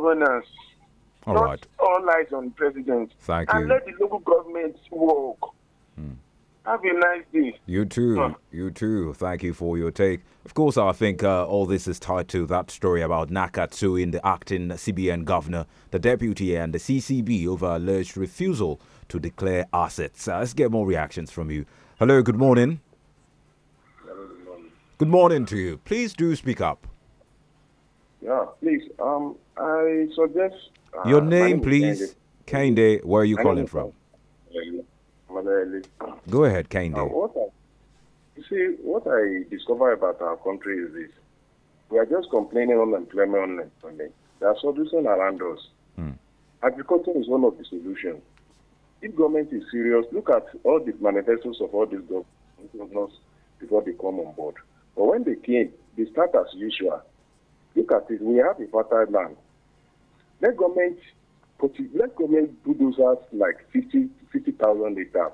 governance. All Not right. All eyes on president. Thank and you. And let the local governments work. Hmm. Have a nice day. You too. Huh. You too. Thank you for your take. Of course, I think uh, all this is tied to that story about Nakatsu in the acting CBN governor, the deputy, and the CCB over alleged refusal to declare assets. Uh, let's get more reactions from you. Hello, good morning. Hello, good morning. Good morning to you. Please do speak up. Yeah, please. Um, I suggest uh, your name, name please. Kende, where are you I calling from? Go ahead, Kende. Uh, what I, you see, what I discover about our country is this: we are just complaining on unemployment, unemployment. There are solutions around us. Hmm. Agriculture is one of the solutions. If government is serious, look at all the manifestos of all these governments before they come on board. But when they came, they start as usual Look at this. We have a fertile land. Let government put it, let government bulldozers like 50 50,000 hectares.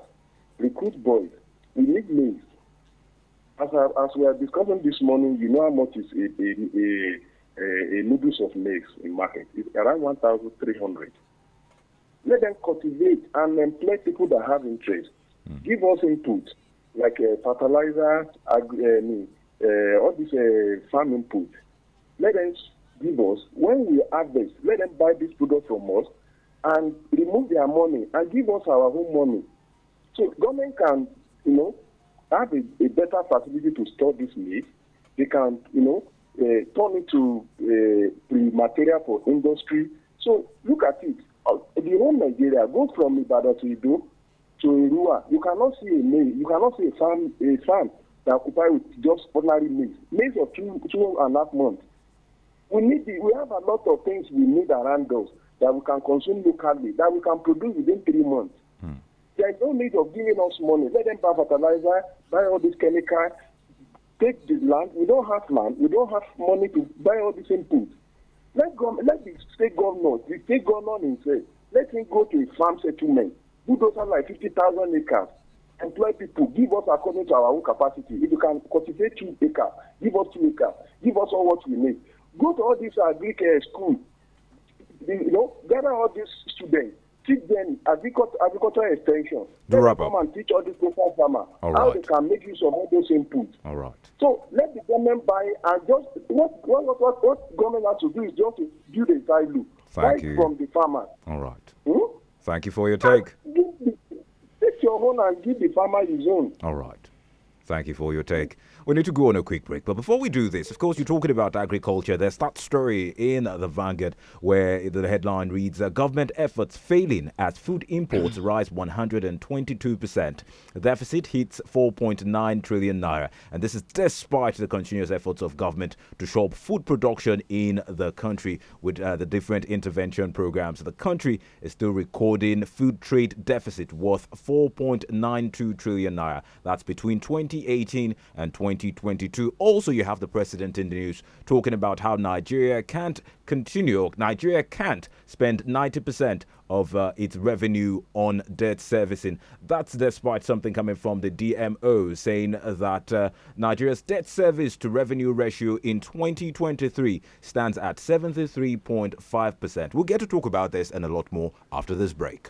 Recruit boys. We need maize. As, as we are discussing this morning, you know how much is a, a, a, a noodles of maize in market. It's around 1,300. Let them cultivate and employ people that have interest. Mm. Give us input, like uh, fertilizer, ag- uh, uh, all this uh, farm input let them give us, when we have this. let them buy this product from us and remove their money and give us our own money. So government can, you know, have a, a better facility to store this meat. They can, you know, uh, turn it to uh, material for industry. So look at it. the whole Nigeria goes from Ibadan to Ibu to Irua. You cannot see a maize. You cannot see a farm, a farm that occupied with just ordinary maize. Maize of two, two and a half months. We need the, we have a lot of things we need around us that we can consume locally, that we can produce within three months. Hmm. There is no need of giving us money. Let them buy fertilizer, buy all this chemical, take this land. We don't have land. We don't have money to buy all this input. Let, go, let the state governor, the state governor himself, let him go to a farm settlement, do those have like 50,000 acres, employ people, give us according to our own capacity. If you can cultivate two acres, give us two acres, give us all what we need. Go to all these agric uh, school, you know, gather all these students, teach them agriculture, agricultural extension. The come and teach all these local farmers right. how they can make use of all those inputs. All right. So let the government buy and just what what what, what government has to do is just to build a silo right you. from the farmer. All right. Hmm? Thank you for your take. Give, take your own and give the farmer his own. All right. Thank you for your take. We need to go on a quick break. But before we do this, of course, you're talking about agriculture. There's that story in the Vanguard where the headline reads uh, Government efforts failing as food imports rise 122%. The deficit hits 4.9 trillion naira. And this is despite the continuous efforts of government to shore up food production in the country with uh, the different intervention programs. The country is still recording food trade deficit worth 4.92 trillion naira. That's between 20 2018 and 2022. Also, you have the president in the news talking about how Nigeria can't continue, Nigeria can't spend 90% of uh, its revenue on debt servicing. That's despite something coming from the DMO saying that uh, Nigeria's debt service to revenue ratio in 2023 stands at 73.5%. We'll get to talk about this and a lot more after this break.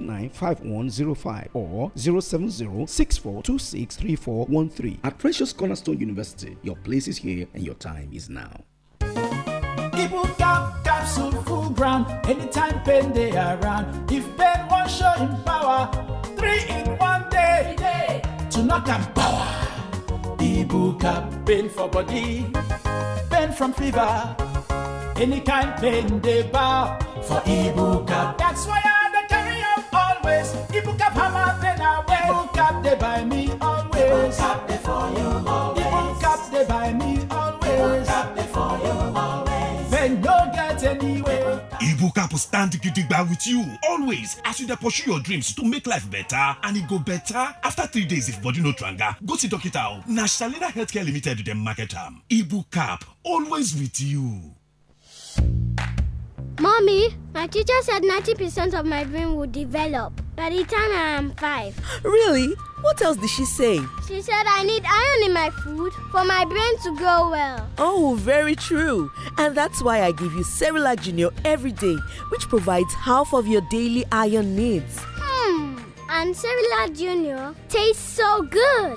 Nine five one zero five or 070 At Precious Cornerstone University, your place is here and your time is now. full ground anytime around if show power three in one day to knock power. pain for body pain from fever bow for That's why I always. Ibuka Pama then I wear. Ibuka they by me always. Ibuka they for you always. Ibuka they by me always. Ibuka they for you always. Then no get anywhere. Ibuka will stand gidigba with you always as you dey pursue your dreams to make life better and e go better. After three days if body no tranga, go see doctor o. Na Shalina Healthcare Limited dem market am. Ibucap always with you. Mommy, my teacher said 90% of my brain will develop by the time I am five. Really? What else did she say? She said I need iron in my food for my brain to grow well. Oh, very true. And that's why I give you Cerilac Junior every day, which provides half of your daily iron needs. Hmm. And Cerilac Junior tastes so good.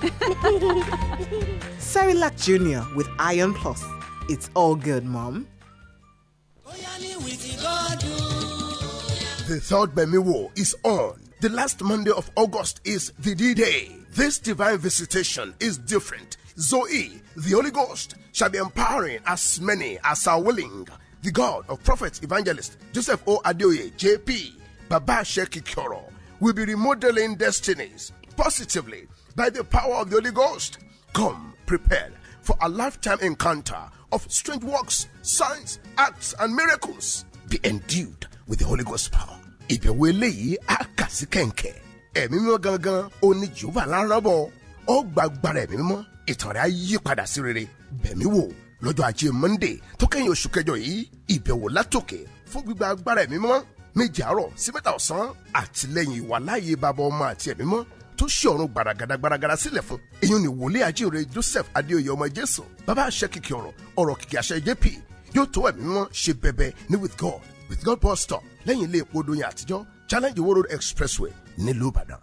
Cerilac Junior with Iron Plus. It's all good, Mom. Oh. The third Bemi is on. The last Monday of August is the D Day. This divine visitation is different. Zoe, the Holy Ghost, shall be empowering as many as are willing. The God of prophets, evangelist Joseph O. Adeoye, JP, Baba Shekikoro, will be remodeling destinies positively by the power of the Holy Ghost. Come prepared for a lifetime encounter of strange works, signs, acts and miracles be endued with the Holy Ghost power. ìbẹ̀wò eléyìí á kà sí kẹ̀ǹkẹ̀ ẹ̀mí mímọ́ gangan ó ní Jehova lárọ́bọ̀ ó gba agbára ẹ̀mí mímọ́ ìtàn rẹ̀ á yí padà sí rere bẹ̀mí wò lọ́jọ́ ajé Monday tó kẹ́yìn oṣù kẹjọ yìí ìbẹ̀wò látòkè fún gbígba agbára ẹ̀mí mímọ́ méje àárọ̀ sí mẹ́ta ọ̀sán àtìlẹ́yìn ìwàláàyè bàbá ọmọ àti ẹ̀mí mímọ́ tó ṣe ọ̀run gbaragada gbaragada sílẹ̀ fún. èyí ni wòlíì ajíire Joseph Adéoyè ọmọ Jésù bàbá àṣẹ kìkì ọ̀rọ̀ ọ̀rọ̀ kìkì àṣẹ JP yóò tó ẹ̀mí mímọ́ ṣe bẹ̀bẹ̀ ní with God with God bus stop lẹ́yìn ilé epo doyin àtijọ́ challenge the world road expressway nílùú Ìbàdàn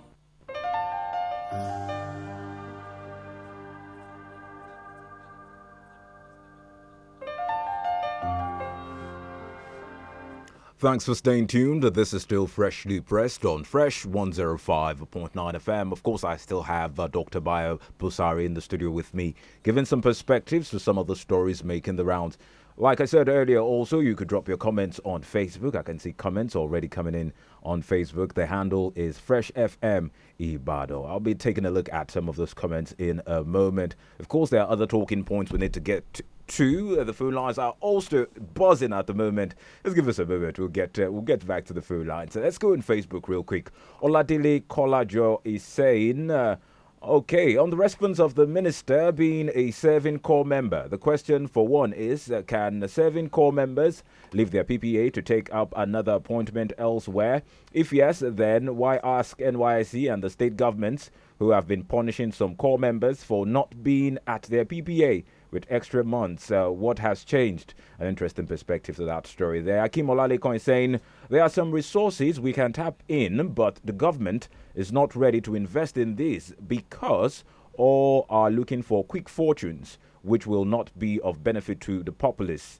Thanks for staying tuned. This is still freshly pressed on Fresh 105.9 FM. Of course, I still have uh, Dr. Bio Busari in the studio with me, giving some perspectives to some of the stories making the rounds. Like I said earlier, also, you could drop your comments on Facebook. I can see comments already coming in on Facebook. The handle is Fresh FM Ibado. I'll be taking a look at some of those comments in a moment. Of course, there are other talking points we need to get two. Uh, the phone lines are also buzzing at the moment. Let's give us a moment. We'll get uh, we'll get back to the phone lines. So let's go on Facebook real quick. Oladile Kolajo is saying. Uh, Okay, on the response of the minister being a serving corps member, the question for one is uh, can serving corps members leave their PPA to take up another appointment elsewhere? If yes, then why ask NYC and the state governments who have been punishing some corps members for not being at their PPA? with extra months. Uh, what has changed? An interesting perspective to that story there. Akim Olalekan is saying there are some resources we can tap in, but the government is not ready to invest in these because all are looking for quick fortunes, which will not be of benefit to the populace.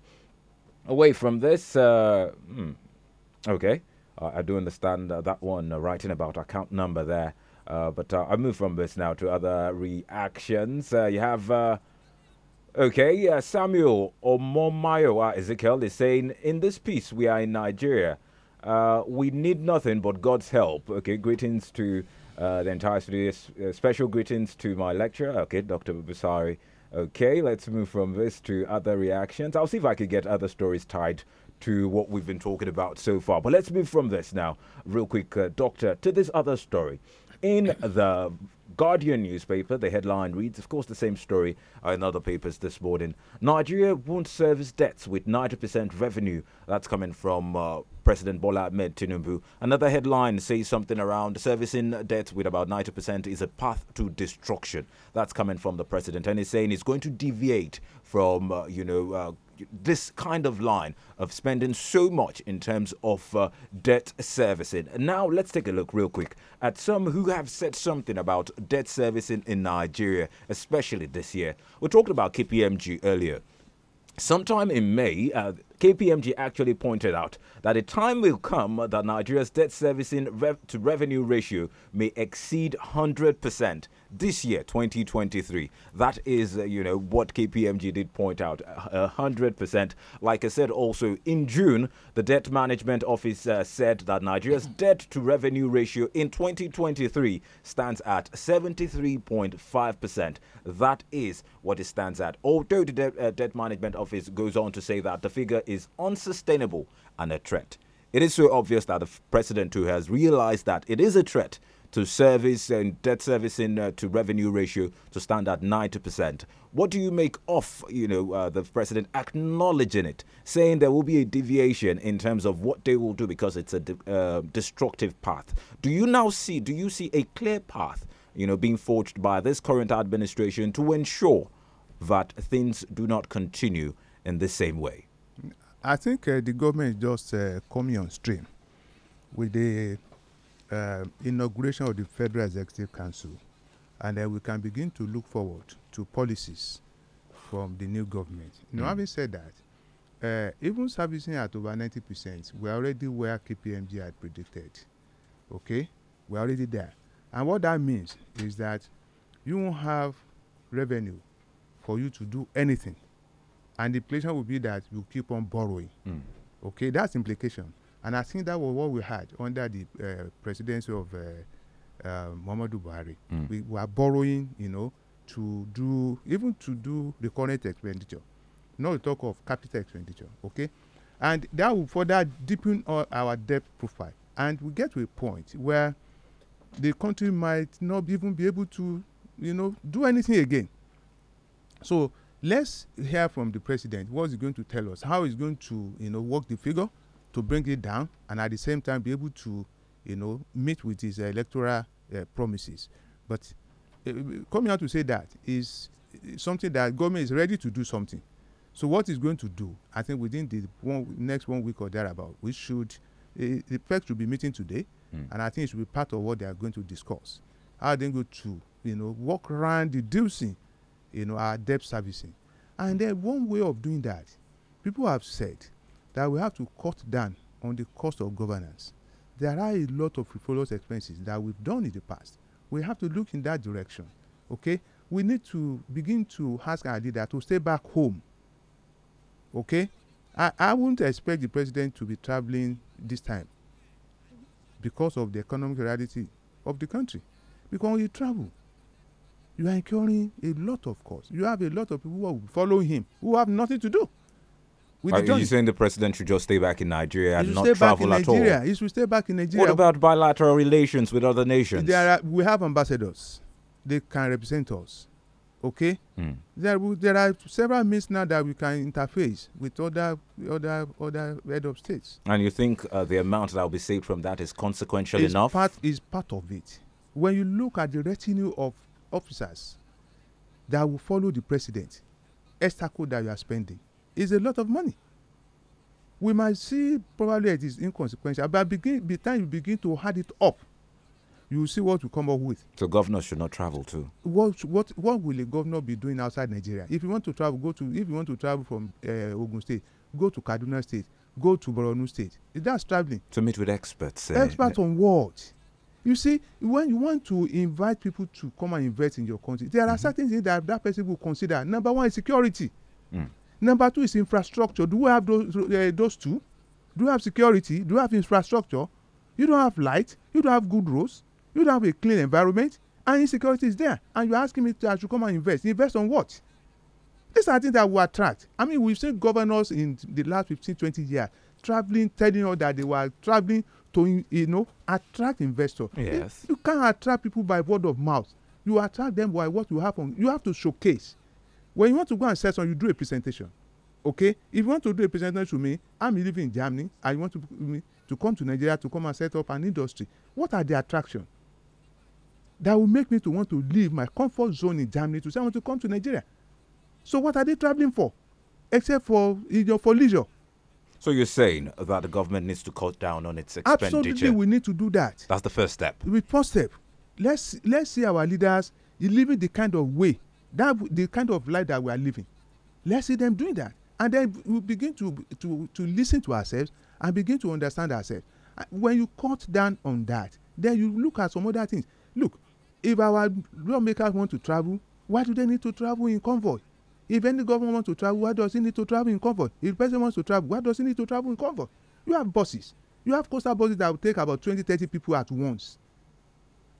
Away from this, uh, hmm, okay, uh, I do understand that one, uh, writing about account number there. Uh, but uh, I move from this now to other reactions. Uh, you have uh, Okay, yeah, uh, Samuel Omomayowa Ezekiel uh, is saying, in this piece, we are in Nigeria. Uh, we need nothing but God's help. Okay, greetings to uh, the entire studio. Uh, special greetings to my lecturer, okay, Dr. Busari. Okay, let's move from this to other reactions. I'll see if I could get other stories tied to what we've been talking about so far. But let's move from this now, real quick, Doctor, to this other story. In the Guardian newspaper, the headline reads, of course, the same story in other papers this morning. Nigeria won't service debts with 90% revenue. That's coming from uh, President Bola Ahmed Tinubu. Another headline says something around servicing debt with about 90% is a path to destruction. That's coming from the president. And he's saying he's going to deviate from, uh, you know, uh, this kind of line of spending so much in terms of uh, debt servicing. Now, let's take a look real quick at some who have said something about debt servicing in Nigeria, especially this year. We talked about KPMG earlier. Sometime in May, uh, KPMG actually pointed out that a time will come that Nigeria's debt servicing rev to revenue ratio may exceed 100% this year, 2023. That is, uh, you know, what KPMG did point out 100%. Uh, like I said, also in June, the Debt Management Office uh, said that Nigeria's debt to revenue ratio in 2023 stands at 73.5%. That is what it stands at. Although the De uh, Debt Management Office goes on to say that the figure is unsustainable and a threat. It is so obvious that the president too has realized that it is a threat to service and debt servicing uh, to revenue ratio to stand at 90%. What do you make of, you know, uh, the president acknowledging it, saying there will be a deviation in terms of what they will do because it's a de uh, destructive path? Do you now see, do you see a clear path, you know, being forged by this current administration to ensure that things do not continue in the same way? I think uh, the government is just uh, coming on stream with the uh, inauguration of the Federal Executive Council, and then uh, we can begin to look forward to policies from the new government. Mm. Now, having said that, uh, even servicing at over ninety 90%, we're already where KPMG had predicted. Okay? We're already there. And what that means is that you won't have revenue for you to do anything. And the implication will be that you keep on borrowing. Mm. Okay? That's implication. And I think that was what we had under the uh, presidency of uh, uh, Muhammadu Buhari. Mm. We were borrowing, you know, to do, even to do recurrent expenditure, not to talk of capital expenditure, okay? And that will further deepen our debt profile. And we get to a point where the country might not even be able to, you know, do anything again. So let's hear from the president What is he going to tell us, how he's going to, you know, work the figure to bring it down and at the same time be able to, you know, meet with his electoral eh, promises. But eh, eh, coming out to say that is something that government is ready to do something. So what is going to do? I think within the one, next one week or thereabout, we should the fact should be meeting today, mm. and I think it should be part of what they are going to discuss. How they go to you know work around reducing you know our debt servicing, and then one way of doing that, people have said that we have to cut down on the cost of governance. There are a lot of frivolous expenses that we've done in the past. We have to look in that direction. Okay? We need to begin to ask our leader to stay back home. Okay? I, I wouldn't expect the president to be traveling this time because of the economic reality of the country. Because when you travel, you are incurring a lot of costs. You have a lot of people who are following him who have nothing to do. With Are you saying the president should just stay back in Nigeria and not travel at Nigeria. all? He should stay back in Nigeria. What about bilateral relations with other nations? There are, we have ambassadors. They can represent us. Okay? Mm. There, there are several means now that we can interface with other other other head of states. And you think uh, the amount that will be saved from that is consequential it's enough? Part, is part of it. When you look at the retinue of officers that will follow the president, extra code that you are spending is a lot of money. We might see probably it is inconsequential, but begin, by the time you begin to add it up, you see what you come up with. So governors should not travel too. What what what will a governor be doing outside Nigeria? If you want to travel, go to if you want to travel from uh, Ogun State, go to Kaduna State, go to Borno State. That's traveling. To meet with experts. Uh, experts on what? You see, when you want to invite people to come and invest in your country, there are mm -hmm. certain things that that person will consider. Number one is security. Mm. Number two is infrastructure. Do we have those, uh, those two? Do we have security? Do we have infrastructure? You don't have light. You don't have good roads. You don't have a clean environment. And insecurity is there. And you're asking me to I should come and invest. Invest on what? These are things that will attract. I mean, we've seen governors in the last 15, 20 years traveling, telling us that they were traveling to, you know, attract investors. Yes. You, you can't attract people by word of mouth. You attract them by what you have on. You have to showcase When you want to go and sell something, you do a presentation. Okay? If you want to do a presentation to me, I'm living in Germany, and you want to me to come to Nigeria to come and set up an industry. What are the attraction that will make me to want to leave my comfort zone in Germany to say I want to come to Nigeria? So what are they traveling for, except for you know, for leisure? So you're saying that the government needs to cut down on its expenditure. Absolutely, we need to do that. That's the first step. The first step. Let's let's see our leaders living the kind of way that the kind of life that we are living let's see them doing that and then we begin to to to listen to ourselves and begin to understand ourselves when you cut down on that then you look at some other things look if our lawmakers want to travel why do they need to travel in convoy if any government want to travel why does he need to travel in convoy if person wants to travel why does he need to travel in convoy you have buses you have coastal buses that will take about twenty thirty people at once.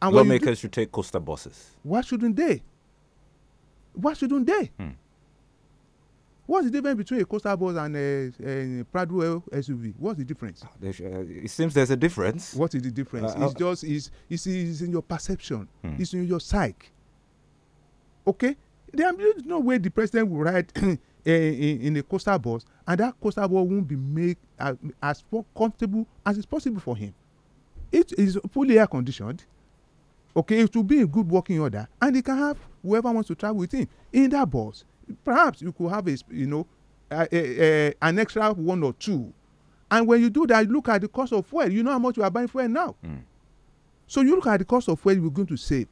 and lawmakers should take coastal buses. why shouldn't they why shouldn't they? Hmm. What's the difference between a coastal bus and a, a Prado SUV? What's the difference? Ah, uh, it seems there's a difference. What is the difference? Uh, it's uh, just it's, it's, it's in your perception. Hmm. It's in your psyche. Okay, there is no way the president will ride in, in a coastal bus and that coastal bus won't be made uh, as, as comfortable as is possible for him. It is fully air conditioned. Okay, it will be a good working order, and you can have whoever wants to travel with him in that bus. Perhaps you could have a you know a, a, a, an extra one or two, and when you do that, look at the cost of fuel. You know how much you are buying fuel now, mm. so you look at the cost of fuel you're going to save.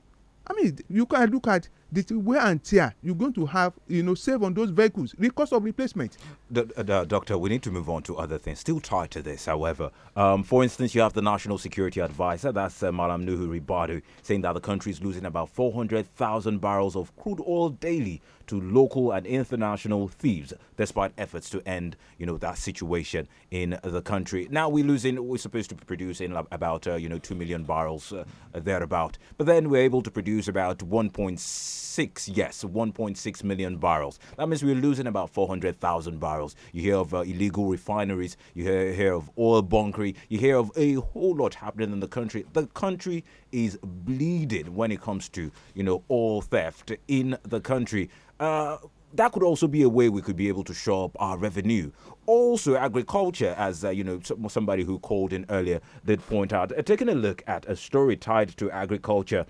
I mean, you can look at the wear and tear you're going to have you know save on those vehicles the cost of replacement D uh, doctor we need to move on to other things still tied to this however um, for instance you have the national security advisor that's uh, madam nuhu ribadu saying that the country is losing about 400000 barrels of crude oil daily to local and international thieves despite efforts to end you know that situation in the country now we're losing we're supposed to be producing about uh, you know 2 million barrels uh, thereabout but then we're able to produce about 1.6 1.6, yes, 1.6 million barrels. That means we're losing about 400,000 barrels. You hear of uh, illegal refineries, you hear, hear of oil bunkering, you hear of a whole lot happening in the country. The country is bleeding when it comes to, you know, oil theft in the country. Uh, that could also be a way we could be able to shore up our revenue. Also, agriculture, as uh, you know, somebody who called in earlier did point out, uh, taking a look at a story tied to agriculture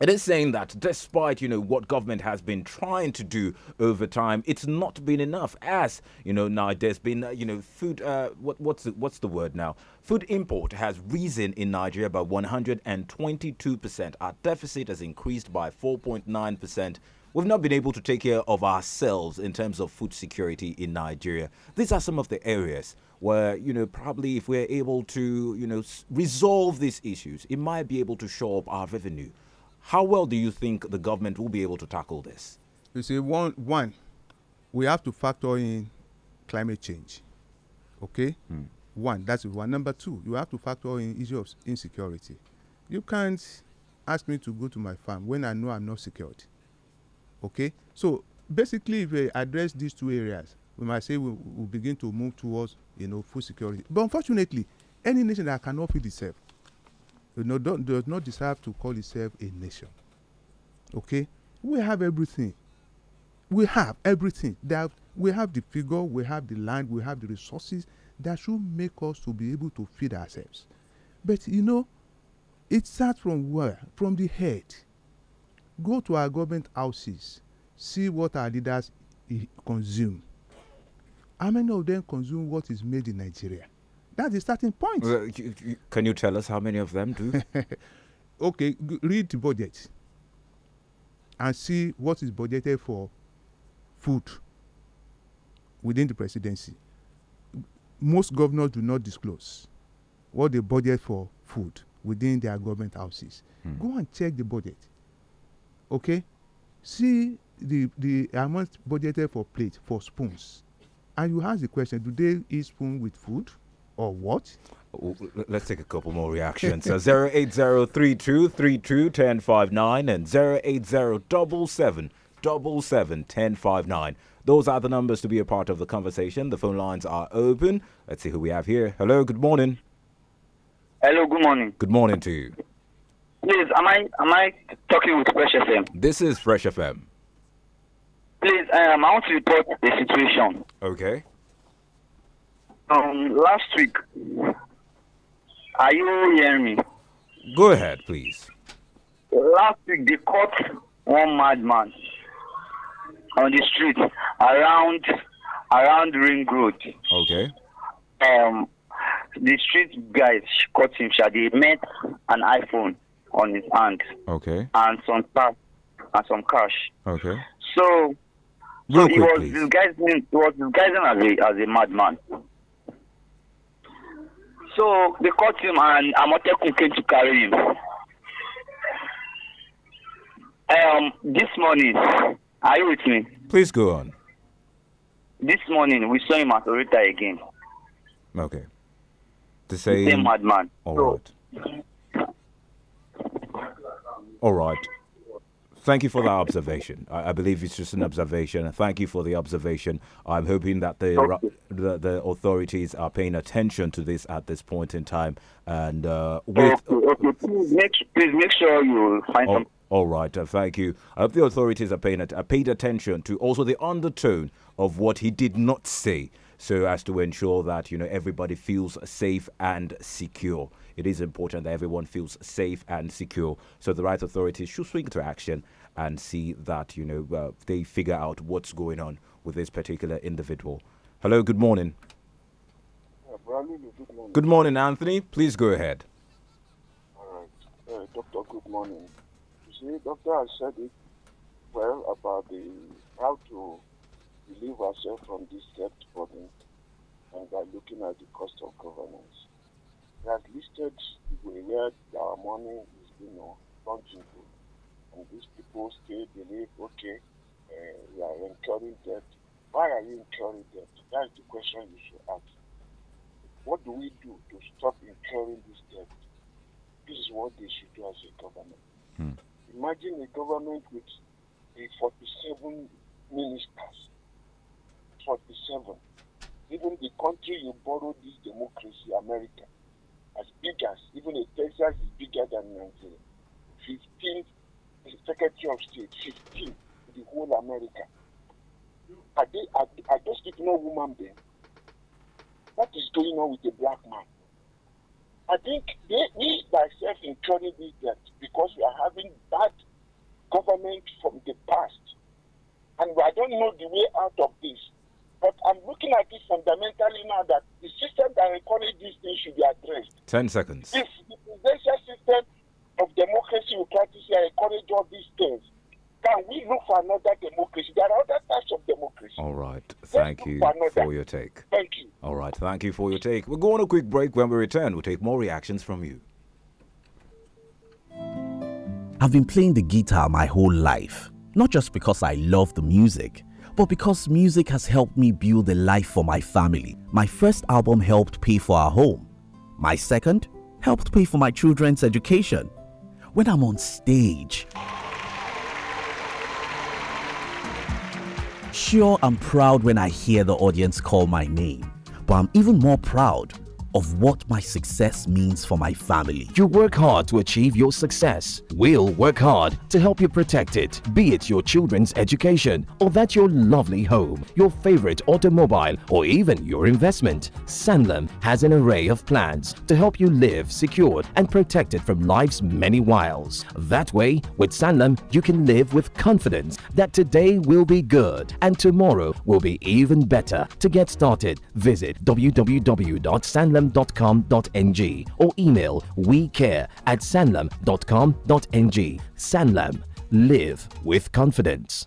it is saying that despite you know what government has been trying to do over time, it's not been enough. As you know now, there's been uh, you know food. Uh, what what's the, what's the word now? Food import has risen in Nigeria by 122 percent. Our deficit has increased by 4.9 percent. We've not been able to take care of ourselves in terms of food security in Nigeria. These are some of the areas where you know probably if we're able to you know resolve these issues, it might be able to shore up our revenue how well do you think the government will be able to tackle this? You see, one, one we have to factor in climate change. Okay? Hmm. One, that's one. Number two, you have to factor in issues of insecurity. You can't ask me to go to my farm when I know I'm not secured. Okay? So basically, if we address these two areas, we might say we will begin to move towards you know food security. But unfortunately, any nation that cannot feed itself you know, don't, does not deserve to call itself a nation. Okay? We have everything. We have everything. That we have the figure, we have the land, we have the resources that should make us to be able to feed ourselves. But you know, it starts from where? From the head. Go to our government houses, see what our leaders eh, consume. How many of them consume what is made in Nigeria? That's the starting point. Well, uh, can you tell us how many of them do? okay, read the budget and see what is budgeted for food within the presidency. Most governors do not disclose what they budget for food within their government houses. Mm. Go and check the budget. Okay? See the, the amount budgeted for plate, for spoons. And you ask the question do they eat spoon with food? or what? Let's take a couple more reactions. so three two ten five nine and double seven ten five nine. Those are the numbers to be a part of the conversation. The phone lines are open. Let's see who we have here. Hello, good morning. Hello, good morning. Good morning to you. Please, am I am I talking with Fresh FM? This is Fresh FM. Please, um, I want to report the situation. Okay. Um, last week, are you hearing me? Go ahead, please. Last week, they caught one madman on the street around around Ring Road. Okay. Um, the street guys caught him. They met an iPhone on his hand. Okay. And some cash. And some cash. Okay. So, Real so quick, was, please. this was this as a, as a madman. So they caught him and Amotekun came to carry him. Um, this morning, are you with me? Please go on. This morning, we saw him at Orita again. Okay. The same, the same madman. All right. All right thank you for that observation. I, I, believe it's just an observation. Thank you for the observation. I'm hoping that the, the, the authorities are paying attention to this at this point in time. And uh, uh with okay, okay. Please, make, please make sure you find oh, some. All right, uh, thank you. I hope the authorities are paying are uh, paid attention to also the undertone of what he did not say, so as to ensure that you know everybody feels safe and secure it is important that everyone feels safe and secure. So the right authorities should swing to action and see that you know uh, they figure out what's going on with this particular individual. Hello, good morning. Yeah, uh, good morning. Good morning, Anthony. Please go ahead. All right, uh, Doctor. Good morning. You see, Doctor, I said it well about the how to relieve ourselves from this debt burden and by looking at the cost of governance. They had listed where our money is being you know, into. And these people still believe, okay, uh, we are incurring debt. Why are you incurring debt? That's the question you should ask. What do we do to stop incurring this debt? This is what they should do as a government. Hmm. Imagine a government with a 47 ministers. 47. Even the country you borrow this democracy, America, as big as, even if Texas is bigger than Nigeria, 15 Secretary of State, 15 the whole America. Are, they, are, are those people not woman What is going on with the black man? I think they, we ourselves incurring this that because we are having bad government from the past. And I don't know the way out of this. But I'm looking at it fundamentally now that the system that recorded these things should be addressed. Ten seconds. If the presidential system of democracy will practice and encourage all these things, can we look for another democracy? There are other types of democracy. All right. Thank Let's you for, for your take. Thank you. All right. Thank you for your take. We'll go on a quick break. When we return, we'll take more reactions from you. I've been playing the guitar my whole life, not just because I love the music but because music has helped me build a life for my family. My first album helped pay for our home. My second helped pay for my children's education. When I'm on stage, sure, I'm proud when I hear the audience call my name, but I'm even more proud of what my success means for my family. You work hard to achieve your success. We'll work hard to help you protect it, be it your children's education, or that your lovely home, your favorite automobile, or even your investment. Sanlam has an array of plans to help you live secured and protected from life's many wiles. That way, with Sanlam, you can live with confidence that today will be good and tomorrow will be even better. To get started, visit www.sanlam.com sanlam.com.ng or email we care at sanlam.com.ng. Sanlam. Live with confidence.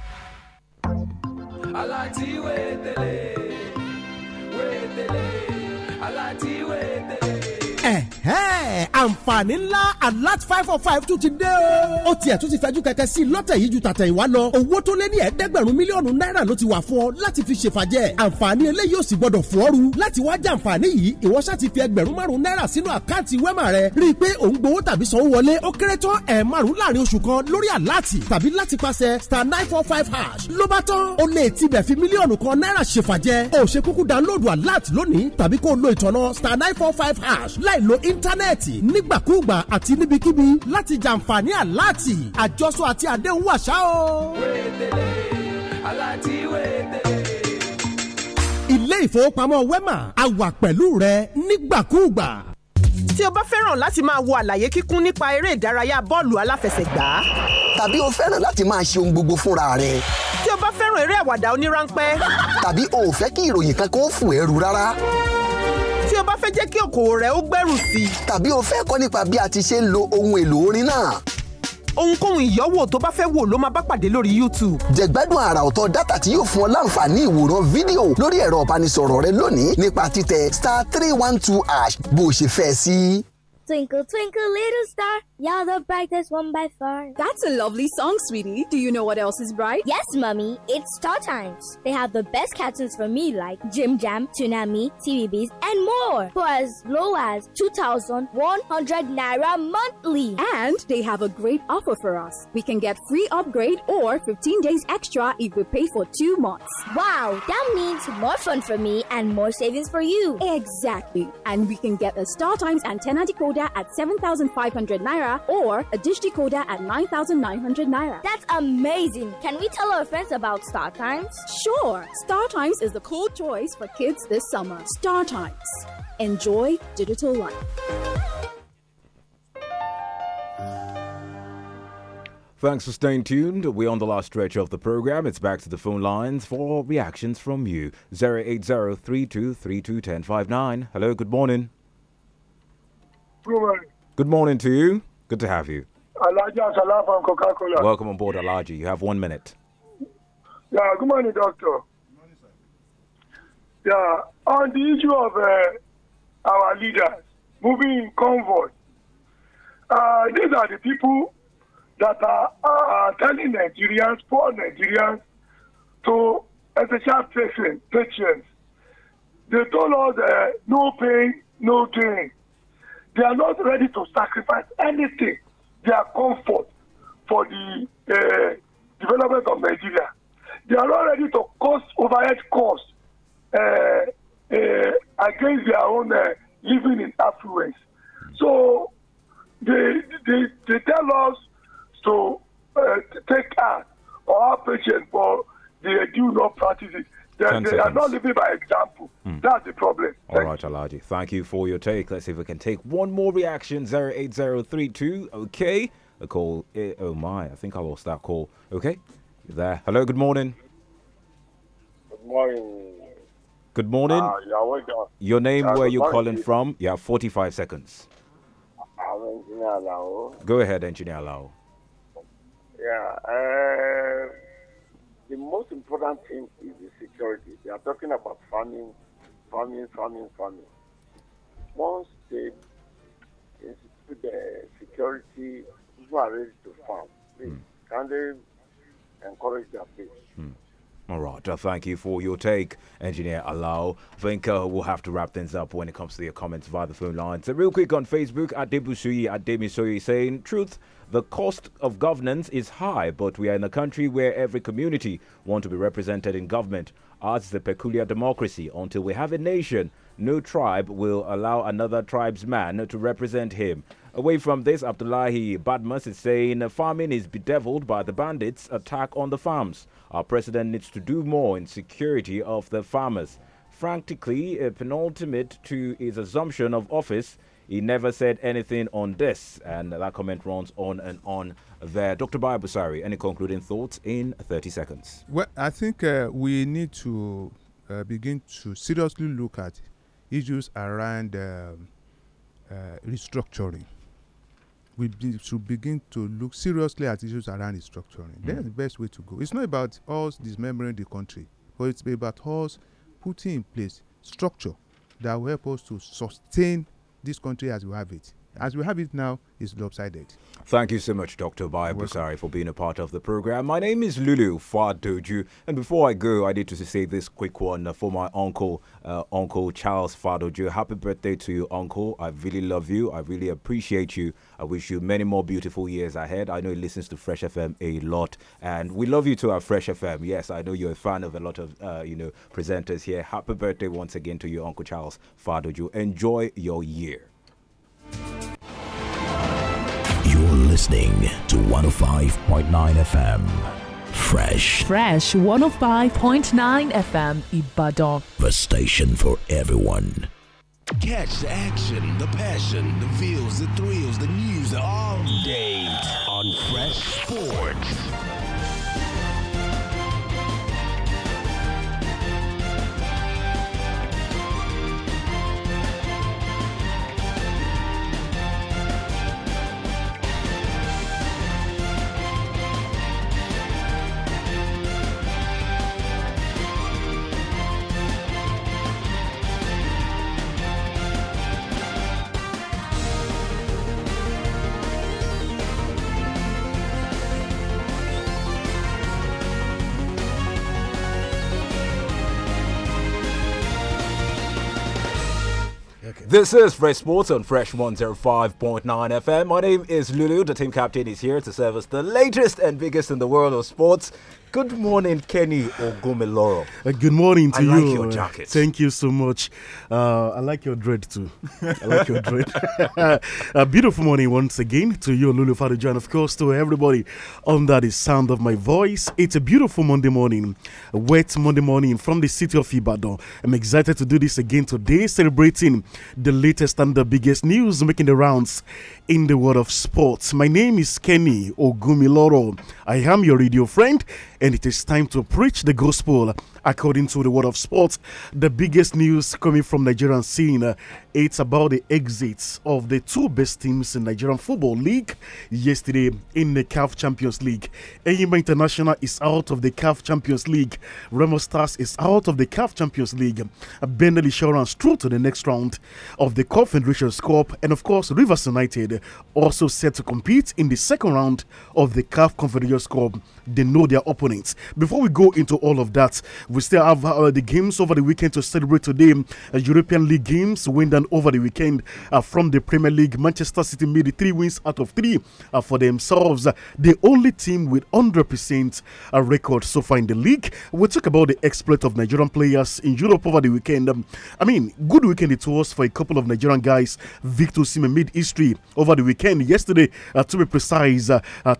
I like to wait the lay, the lay. I like àǹfààní ńlá alert five four five tún ti dé o. ó tiẹ̀ tún ti fẹ́jú kẹ̀kẹ́ sí lọ́tẹ̀ yìí ju tàtẹ̀ ìwá lọ. owó tó lé ní ẹ̀ẹ́dẹ́gbẹ̀rún mílíọ̀nù náírà ló ti wà fún ọ láti fi ṣèfàjẹ́. àǹfààní eléyìí ò sì gbọdọ̀ fún ọ ru. láti wá jẹ àǹfààní yìí ìwọ ṣáà ti fi ẹgbẹ̀rún márùn náírà sínú àkáǹtì wẹ́mà rẹ. rí i pé ò ń gbowó tàbí sanwó wọlé ó kéré tán ẹ̀ márùn láàrin oṣù kan lórí àláàtì tàbí láti pàṣẹ star nine four five hash ló bá tán. o lè tibẹ̀ fi mílíọ̀nù kan náírà ṣèfàjẹ́. o ṣe kúkú download alert lónìí tàbí kó o lo ìtọ̀nà star nine four five hash láì lo íńtánẹ́ẹ̀tì nígbàkúùgbà àti níbikíbi láti jàǹfààní àláàtì àjọsọ àti àdéhùn àṣà o. wẹ́tẹ̀lẹ̀ aláàtì ilé ìfowópamọ́ wema a wà pẹ̀lú rẹ nígbàkúùgbà. tí o bá fẹ́ràn láti máa wo àlàyé kíkún nípa eré ìdárayá bọ́ọ̀lù aláfẹsẹ̀gbá. tàbí o fẹ́ràn láti máa ṣe ohun gbogbo fúnra rẹ. tí o bá fẹ́ràn eré àwàdà oníránpẹ́. tàbí o ò fẹ́ kí ìròyìn kankan ó fò ẹ́rù rárá fẹ́ jẹ́ kí okòwò rẹ ó gbèrú sí i. tàbí o fẹ́ kọ́ nípa bí a ti ṣe ń lo ohun èlò orin náà ohunkóhun ìyọ́wò tó bá fẹ́ wò ló máa bá pàdé lórí YouTube. jẹ̀gbádùn àrà ọ̀tọ̀ dátà tí yóò fún ọ láǹfààní ìwòran fídíò lórí ẹ̀rọ ìbánisọ̀rọ̀ rẹ lónìí nípa títẹ̀ star three one two ash bó o ṣe fẹ́ sí. Twinkle, twinkle, little star, you're the brightest one by far. That's a lovely song, sweetie. Do you know what else is bright? Yes, mummy, it's Star Times. They have the best cartoons for me like Jim Jam, Tsunami, TVBs, and more for as low as 2,100 naira monthly. And they have a great offer for us. We can get free upgrade or 15 days extra if we pay for two months. Wow, that means more fun for me and more savings for you. Exactly. And we can get a Star Times antenna decoder decoder at 7,500 naira or a dish decoder at 9,900 naira. That's amazing. Can we tell our friends about Star Times? Sure. Star Times is the cool choice for kids this summer. Star Times. Enjoy digital life. Thanks for staying tuned. We're on the last stretch of the program. It's back to the phone lines for reactions from you. 080 Hello, good morning. Good morning. Good morning to you. Good to have you. from Coca Cola. Welcome on board, Alaji. You have one minute. Yeah, good morning, Doctor. Good morning, yeah, on the issue of uh, our leaders moving in convoy, uh, these are the people that are, are telling Nigerians, poor Nigerians, to exercise patience. patience. They told us uh, no pain, no gain. They are not ready to sacrifice anything, their comfort for the uh, development of Nigeria. They are not ready to cost overhead costs uh, uh, against their own uh, living in affluence. So they, they, they tell us to uh, take of our patients, but they do not practice it. They, Ten they are not living by example. Mm. That's the problem. All Thank right, Alaji. Thank you for your take. Let's see if we can take one more reaction. 08032. Okay. A call. Eh, oh, my. I think I lost that call. Okay. You're there. Hello. Good morning. Good morning. Good morning. Uh, yeah, your name, yeah, where you calling from? You have 45 seconds. I'm Engineer Go ahead, Engineer Lao. Yeah. Uh, the most important thing is the security. They are talking about farming, farming, farming, farming. Once they institute the security, people are ready to farm. Please, hmm. can they encourage their base? Hmm. All right. Uh, thank you for your take, Engineer Alao. I think uh, we'll have to wrap things up when it comes to your comments via the phone line. So real quick on Facebook, at Debusui, at Demisui, saying, Truth the cost of governance is high, but we are in a country where every community want to be represented in government. Ours is a peculiar democracy. Until we have a nation, no tribe will allow another tribe's man to represent him. Away from this, Abdullahi Badmus is saying farming is bedeviled by the bandits' attack on the farms. Our president needs to do more in security of the farmers. Frantically, penultimate to his assumption of office, he never said anything on this. And that comment runs on and on there. Dr. Bayabusari, any concluding thoughts in 30 seconds? Well, I think uh, we need to uh, begin to seriously look at issues around um, uh, restructuring. We be, should begin to look seriously at issues around restructuring. Mm. That's the best way to go. It's not about us dismembering the country, but it's about us putting in place structure that will help us to sustain this country as we have it. as we have it now, is lopsided. Thank you so much, Dr. Baya for being a part of the program. My name is Lulu Fadoju, and before I go, I need to say this quick one uh, for my uncle, uh, Uncle Charles Fadoju. Happy birthday to you, Uncle. I really love you. I really appreciate you. I wish you many more beautiful years ahead. I know he listens to Fresh FM a lot, and we love you to our Fresh FM. Yes, I know you're a fan of a lot of uh, you know presenters here. Happy birthday once again to you, Uncle Charles Fadoju. Enjoy your year. listening to 105.9 FM. Fresh. Fresh 105.9 FM Ibadan. The station for everyone. Catch the action, the passion, the feels, the thrills, the news all day on Fresh Sports. This is Fresh Sports on Fresh 105.9 FM. My name is Lulu. The team captain is here to serve us the latest and biggest in the world of sports. Good morning, Kenny Ogumiloro. Uh, good morning to I you. I like your jacket. Thank you so much. Uh, I like your dread too. I like your dread. a beautiful morning once again to you, Lulu Fadujo, and of course to everybody under the sound of my voice. It's a beautiful Monday morning, a wet Monday morning from the city of Ibadan. I'm excited to do this again today, celebrating the latest and the biggest news making the rounds in the world of sports. My name is Kenny Ogumiloro. I am your radio friend and it is time to preach the gospel according to the world of sports. The biggest news coming from Nigerian scene, uh, it's about the exits of the two best teams in Nigerian Football League yesterday in the CAF Champions League. Enyimba International is out of the CAF Champions League. Remo Stars is out of the CAF Champions League. Bendel Insurance through to the next round of the CAF Federation Cup. And of course, Rivers United also set to compete in the second round of the CAF Confederation Cup. They know their opponents. Before we go into all of that, we still have uh, the games over the weekend to celebrate today. Uh, European League games win and over the weekend uh, from the Premier League. Manchester City made three wins out of three uh, for themselves. The only team with 100% uh, record so far in the league. We'll talk about the exploit of Nigerian players in Europe over the weekend. Um, I mean, good weekend it was for a couple of Nigerian guys. Victor Sima made history over the weekend. Yesterday, uh, to be precise, uh, uh,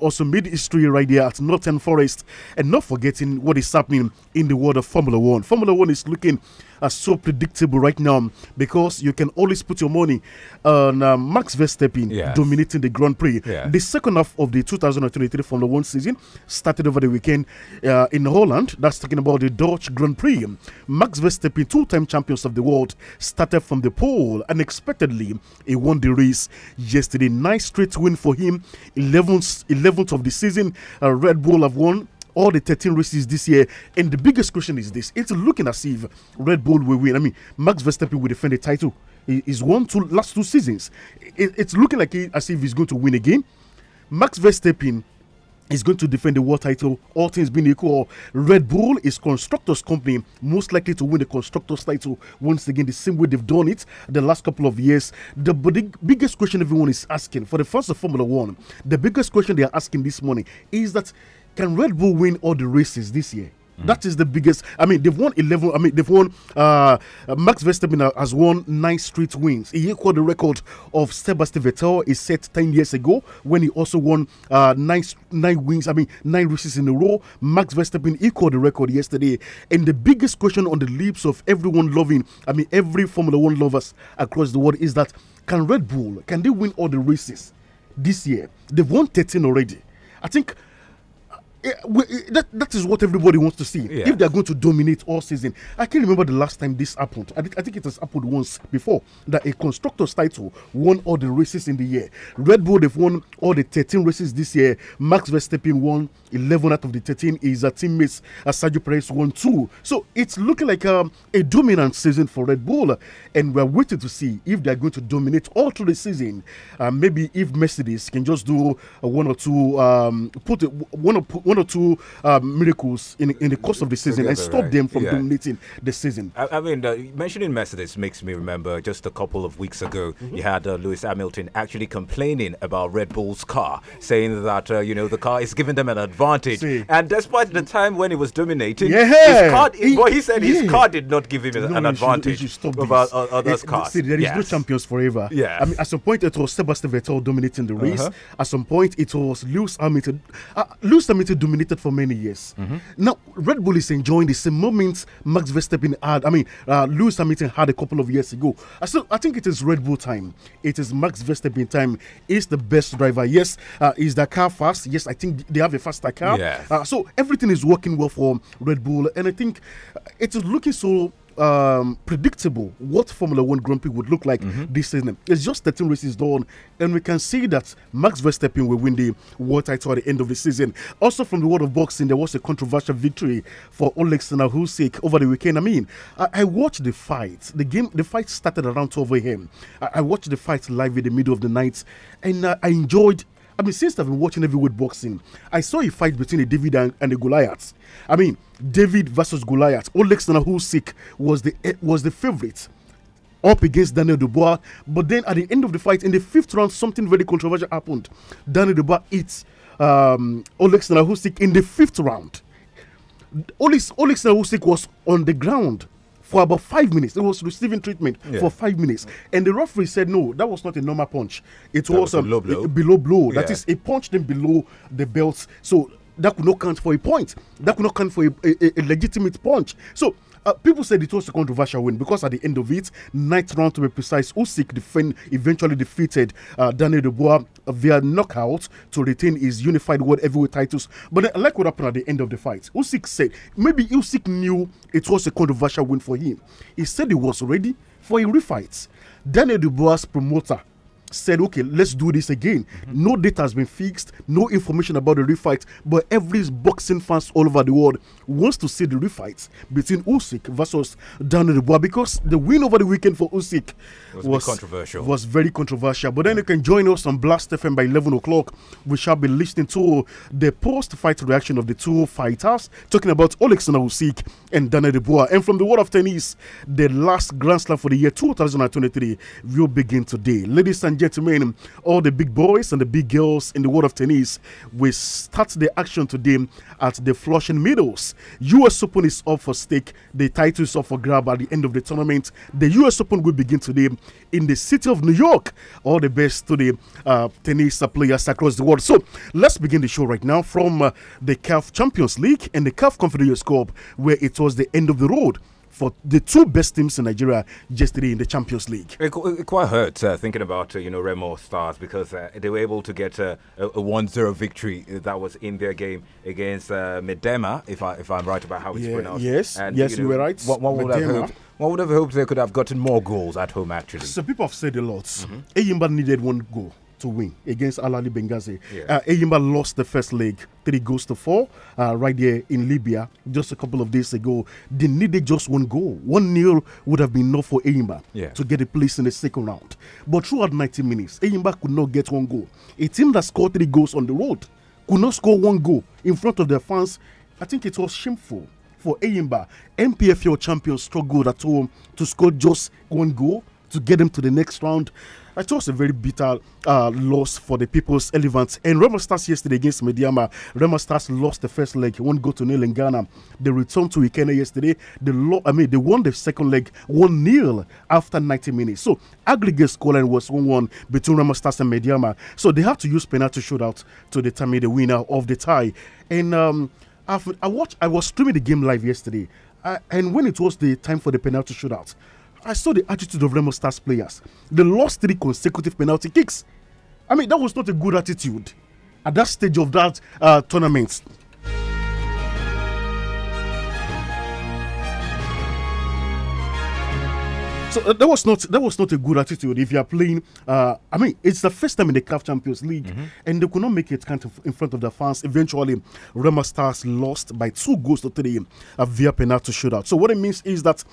also made history right there at Northern Forest. And not forgetting what is happening in the world of Formula One. Formula One is looking uh, so predictable right now because you can always put your money on uh, Max Verstappen yes. dominating the Grand Prix. The second half of the 2023 Formula One season started over the weekend uh, in Holland. That's talking about the Dutch Grand Prix. Max Verstappen, two time champions of the world, started from the pole. Unexpectedly, he won the race yesterday. Nice straight win for him. 11th, 11th of the season, uh, Red Bull have won all the 13 races this year. And the biggest question is this it's looking as if Red Bull will win. I mean, Max Verstappen will defend the title. He's won two last two seasons. It's looking like as if he's going to win again. Max Verstappen is going to defend the world title, all things being equal. Red Bull is constructors' company, most likely to win the constructors' title once again, the same way they've done it the last couple of years. the biggest question everyone is asking for the first of Formula One, the biggest question they are asking this morning is that can Red Bull win all the races this year? Mm. That is the biggest. I mean, they've won 11. I mean, they've won. Uh, Max Verstappen has won nine straight wins. He equaled the record of Sebastian Vettel, is set 10 years ago when he also won uh, nine, nine wins. I mean, nine races in a row. Max Verstappen equaled the record yesterday. And the biggest question on the lips of everyone loving, I mean, every Formula One lovers across the world is that can Red Bull, can they win all the races this year? They've won 13 already. I think Eh, eh, that that is what everybody wants to see. Yeah. If they are going to dominate all season, I can't remember the last time this happened. I, th I think it has happened once before that a constructors' title won all the races in the year. Red Bull they've won all the 13 races this year. Max Verstappen won 11 out of the 13. His uh, teammates uh, Sergio Perez won two. So it's looking like um, a dominant season for Red Bull, and we're waiting to see if they are going to dominate all through the season. Uh, maybe if Mercedes can just do uh, one or two, um, put one or one or two uh, miracles in in the course of the season Together, and stop right. them from yeah. dominating the season. I, I mean, uh, mentioning Mercedes makes me remember just a couple of weeks ago, mm -hmm. you had uh, Lewis Hamilton actually complaining about Red Bull's car, saying that uh, you know the car is giving them an advantage, See. and despite the time when he was dominating, yeah. his car, he, well, he said his car did not give him no, an advantage should, should others' eh, cars. See, there is yes. no champions forever. Yeah, I mean, at some point it was Sebastian Vettel dominating the race. -huh. At some point it was Lewis Hamilton. Uh, Lewis Hamilton dominated for many years. Mm -hmm. Now, Red Bull is enjoying the same moments Max Verstappen had. I mean, uh, Lewis Hamilton had a couple of years ago. I I think it is Red Bull time. It is Max Verstappen time. He's the best driver. Yes, uh, is the car fast? Yes, I think they have a faster car. Yeah. Uh, so everything is working well for Red Bull, and I think it is looking so um, predictable what Formula One Grand Prix would look like mm -hmm. this season. It's just 13 races done, and we can see that Max Verstappen will win the world title at the end of the season. Also, from the world of boxing, there was a controversial victory for Oleksandr Usyk over the weekend. I mean, I, I, watched the fight. The game, the fight started around 12 a.m. I, I, watched the fight live in the middle of the night, and uh, I enjoyed I mean, since I've been watching heavyweight boxing, I saw a fight between a David and, and a Goliath. I mean, David versus Goliath. Oleg Stanahusik was the eh, was the favorite up against Daniel Dubois. But then at the end of the fight, in the fifth round, something very controversial happened. Daniel Dubois hits um, Oleg Stanahusik in the fifth round. Oleg, Oleg Stanahusik was on the ground for about five minutes. He was receiving treatment yeah. for five minutes. And the referee said, no, that was not a normal punch. It was, was a below blow. Below blow. Yeah. That is, he punched him below the belt. So that could not count for a point. That could not count for a, a, a legitimate punch. So uh, people said it was a controversial win because at the end of it, ninth round to be precise, Usyk defend, eventually defeated uh, Daniel Dubois via knockout to retain his unified world heavyweight titles. But like what happened at the end of the fight. Usyk said maybe Usyk knew it was a controversial win for him. He said he was ready for a refight. Daniel Dubois' promoter said, okay, let's do this again. Mm -hmm. No date has been fixed, no information about the refight, but every boxing fans all over the world wants to see the refight between Usyk versus Daniel Dubois because the win over the weekend for Usyk was, was controversial. Was very controversial. But then you can join us on Blast FM by 11 o'clock. We shall be listening to the post-fight reaction of the two fighters, talking about Oleksandr Usyk and Daniel Dubois. And from the world of tennis, the last Grand Slam for the year 2023 will begin today. Ladies and gentlemen, all the big boys and the big girls in the world of tennis, we start the action today at the Flushing Meadows. US Open is up for stake. The title is up for grab at the end of the tournament. The US Open will begin today in the city of New York. All the best to the uh, tennis players across the world. So let's begin the show right now from uh, the CAF Champions League and the CAF Confederation Cup, where it was the end of the road for the two best teams in Nigeria yesterday in the Champions League. It, it quite hurts uh, thinking about uh, you know Remo Stars because uh, they were able to get a 1-0 victory uh, that was in their game against uh, Medema, if I if I'm right about how it's yeah, pronounced. Yes, and, yes, you, know, you were right. What, what would have hoped? One would have hoped they could have gotten more goals at home. Actually, so people have said a lot. Mm -hmm. Ayimba needed one goal to win against Alali Benghazi. Yeah. Uh, lost the first leg, three goals to four, uh, right there in Libya just a couple of days ago. They needed just one goal. One nil would have been enough for Eyimba yeah. to get a place in the second round. But throughout 90 minutes, Eyimba could not get one goal. A team that scored three goals on the road could not score one goal in front of their fans. I think it was shameful for Eyimba. MPFL champions struggled at home to score just one goal to get them to the next round. It was a very bitter uh, loss for the People's Elephants. And Remo Stars yesterday against Mediama. Remo Stars lost the first leg, one go to nil in Ghana. They returned to Ikena yesterday. They lo I mean, they won the second leg, one nil after 90 minutes. So aggregate scoreline was one one between Remo Stars and Mediama. So they have to use penalty shootout to determine the winner of the tie. And um, i watched. I was streaming the game live yesterday, uh, and when it was the time for the penalty shootout. I saw the attitude of Remo Stars players. They lost three consecutive penalty kicks. I mean, that was not a good attitude at that stage of that uh, tournament. So uh, that was not that was not a good attitude. If you are playing, uh, I mean, it's the first time in the CAF Champions League, mm -hmm. and they could not make it kind of in front of the fans. Eventually, Roma Stars lost by two goals to three uh, via penalty shootout. So what it means is that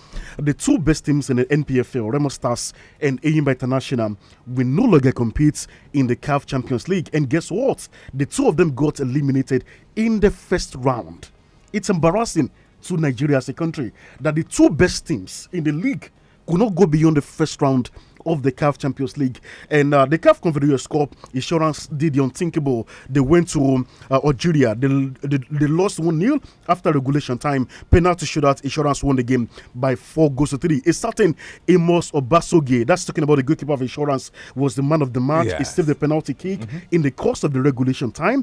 the two best teams in the NPFL, Roma Stars and Aimba International, will no longer compete in the CAF Champions League. And guess what? The two of them got eliminated in the first round. It's embarrassing to Nigeria as a country that the two best teams in the league could not go beyond the first round of the CAF Champions League. And uh, the CAF Confederation Cup Insurance did the unthinkable. They went to uh, Algeria. They, they, they lost 1 0 after regulation time. Penalty shootout. Insurance won the game by 4 goals to 3. A certain Amos Obasoge, that's talking about the goalkeeper of Insurance, was the man of the match. Yes. He saved the penalty kick mm -hmm. in the course of the regulation time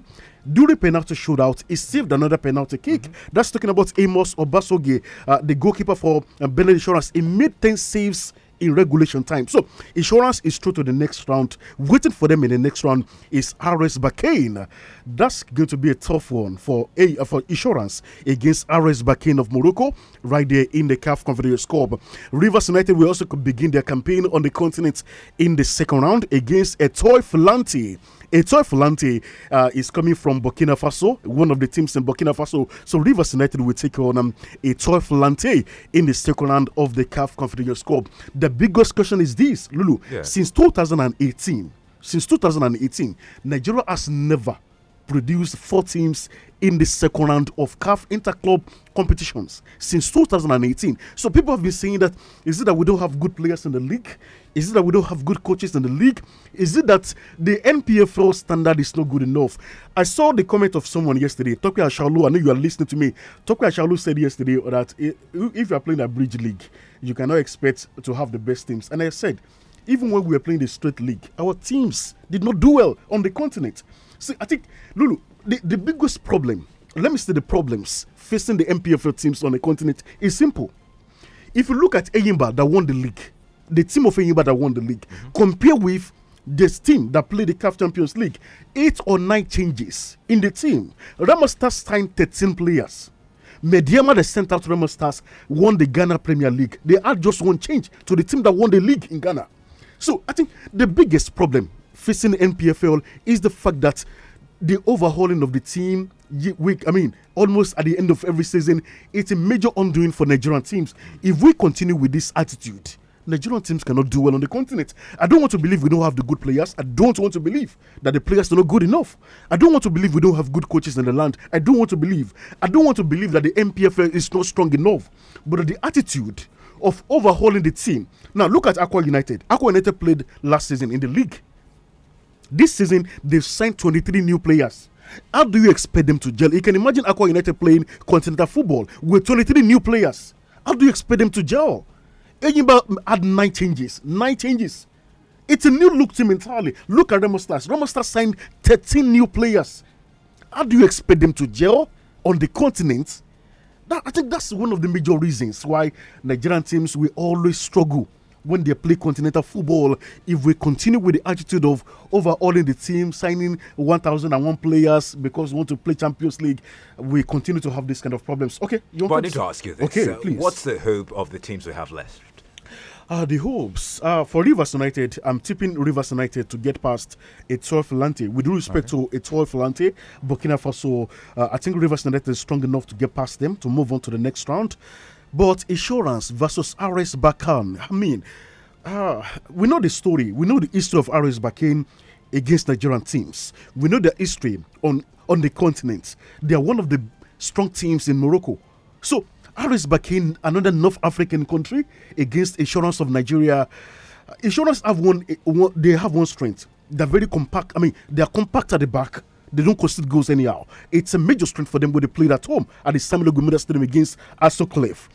during penalty shootout, he saved another penalty kick. Mm -hmm. That's talking about Amos Obasoge, uh, the goalkeeper for uh, Benin Insurance. He made 10 saves in regulation time. So insurance is through to the next round. Waiting for them in the next round is RS Bakane. That's going to be a tough one for a uh, for insurance against RS Bakane of Morocco right there in the CAF Confederations Cup. Rivers United will also begin their campaign on the continent in the second round against toy Filanti Etoy Fulante uh, is coming from Burkina Faso, one of the teams in Burkina Faso. So Rivers United will take on um, Etoy Fulante in the second round of the CAF Confederations Cup. The biggest question is this, Lulu. Yeah. Since 2018, since 2018, Nigeria has never produced four teams in the second round of CAF interclub competitions since 2018. So people have been saying that is it that we don't have good players in the league? Is it that we don't have good coaches in the league? Is it that the NPFL standard is not good enough? I saw the comment of someone yesterday, Tokyo Ashalu. I know you are listening to me. Tokyo Ashalu said yesterday that if you are playing a bridge league, you cannot expect to have the best teams. And I said, even when we were playing the straight league, our teams did not do well on the continent. See, I think, Lulu, the, the biggest problem, let me say the problems facing the MPFL teams on the continent is simple. If you look at Eyimba that won the league, the team of Eyimba that won the league, mm -hmm. compare with this team that played the CAF Champions League, eight or nine changes in the team. Ramostas signed 13 players. Mediama, the centre out Ramostas, won the Ghana Premier League. They had just one change to the team that won the league in Ghana. So I think the biggest problem facing NPFL is the fact that the overhauling of the team week, I mean, almost at the end of every season, it's a major undoing for Nigerian teams. If we continue with this attitude, Nigerian teams cannot do well on the continent. I don't want to believe we don't have the good players. I don't want to believe that the players are not good enough. I don't want to believe we don't have good coaches in the land. I don't want to believe. I don't want to believe that the MPFL is not strong enough. But the attitude of overhauling the team. Now look at Aqua United. Aqua United played last season in the league. This season, they've signed 23 new players. How do you expect them to gel? You can imagine Aqua United playing continental football with 23 new players. How do you expect them to gel? Enyimba had nine changes. Nine changes. It's a new look team entirely. Look at Remo Stars. Remo Stars signed 13 new players. How do you expect them to gel on the continent? That, I think that's one of the major reasons why Nigerian teams will always struggle when they play continental football. If we continue with the attitude of overhauling the team, signing 1,001 players because we want to play Champions League, we continue to have this kind of problems. Okay, you want I need to ask you this. Okay, please. What's the hope of the teams we have left? Uh, the hopes uh, for Rivers United. I'm tipping Rivers United to get past a 12 Lante. With respect okay. to a 12 Lante, Burkina Faso, uh, I think Rivers United is strong enough to get past them to move on to the next round. But Insurance versus Aris Bakan, I mean, uh, we know the story, we know the history of Aris Bakan against Nigerian teams. We know their history on, on the continent. They are one of the strong teams in Morocco. So, Aris Bakin, another North African country, against Insurance of Nigeria. Insurance have one, one, they have one strength. They're very compact. I mean, they are compact at the back they don't concede goals anyhow. It's a major strength for them when they played at home at the Samuel Gumeda Stadium against Aso Cliff.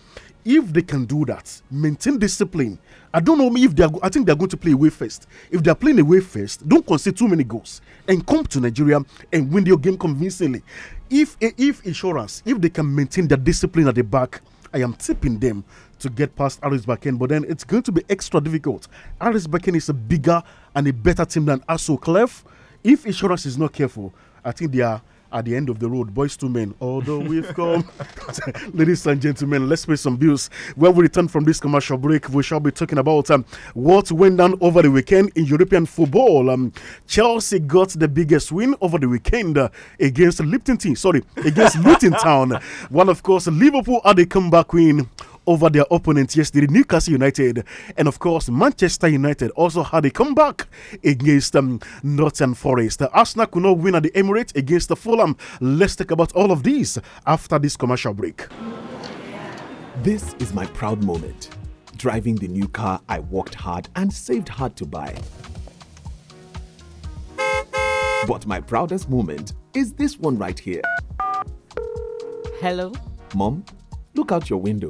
If they can do that, maintain discipline. I don't know if they are. I think they are going to play away first. If they are playing away first, don't concede too many goals and come to Nigeria and win your game convincingly. If eh, if insurance, if they can maintain their discipline at the back, I am tipping them to get past Aris Bakken, but then it's going to be extra difficult. Aris Bakken is a bigger and a better team than Aso Clef. If insurance is not careful, I think they are at the end of the road, boys to men, although we've come. Ladies and gentlemen, let's pay some bills. When we return from this commercial break, we shall be talking about um, what went down over the weekend in European football. Um, Chelsea got the biggest win over the weekend uh, against Lipton, sorry, against Luton Town. While, of course, Liverpool had a comeback win over their opponents yesterday, Newcastle United. And of course, Manchester United also had a comeback against um, Northern Forest. Arsenal could not win at the Emirates against the Fulham. Let's talk about all of these after this commercial break. This is my proud moment. Driving the new car I worked hard and saved hard to buy. But my proudest moment is this one right here. Hello? Mom, look out your window.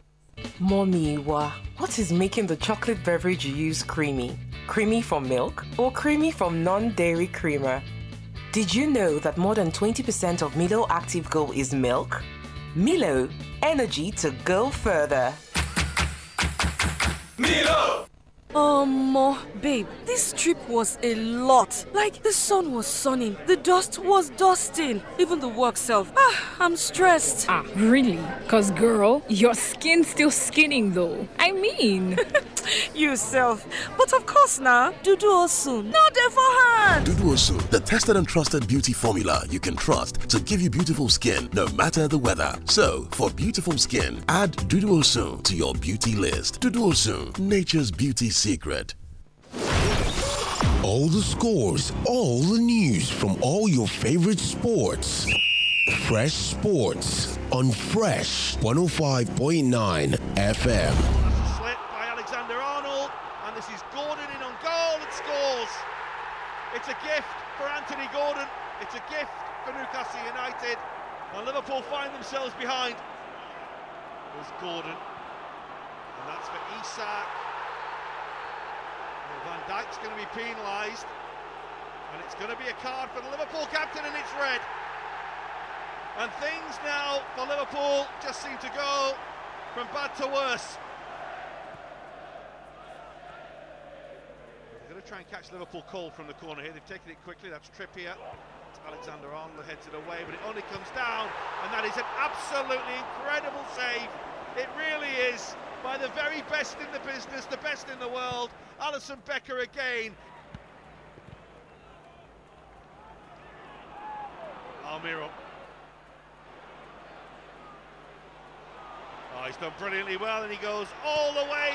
Mommy, what is making the chocolate beverage you use creamy? Creamy from milk or creamy from non dairy creamer? Did you know that more than 20% of Milo Active Go is milk? Milo, energy to go further. Milo! Um, uh, babe, this trip was a lot. Like, the sun was sunning, the dust was dusting, even the work self. Ah, I'm stressed. Ah, really? Cause, girl, your skin's still skinning though. I mean, you self. But of course, now, nah, Dudu Osun. Not beforehand. Dudu Osun, the tested and trusted beauty formula you can trust to give you beautiful skin no matter the weather. So, for beautiful skin, add Dudu Osun to your beauty list. Dudu Osun, nature's beauty secret. All the scores, all the news from all your favorite sports. Fresh Sports on Fresh 105.9 FM. Slit by Alexander Arnold, and this is Gordon in on goal and scores. It's a gift for Anthony Gordon, it's a gift for Newcastle United, and Liverpool find themselves behind. There's Gordon, and that's for Isak. Well, Van Dijk's going to be penalised. And it's going to be a card for the Liverpool captain, and it's red. And things now for Liverpool just seem to go from bad to worse. They're going to try and catch Liverpool cold from the corner here. They've taken it quickly. That's Trippier. Alexander Arnold heads it away, but it only comes down, and that is an absolutely incredible save. It really is by the very best in the business, the best in the world. Alison Becker again. Almiro. Oh, ah, he's done brilliantly well and he goes all the way.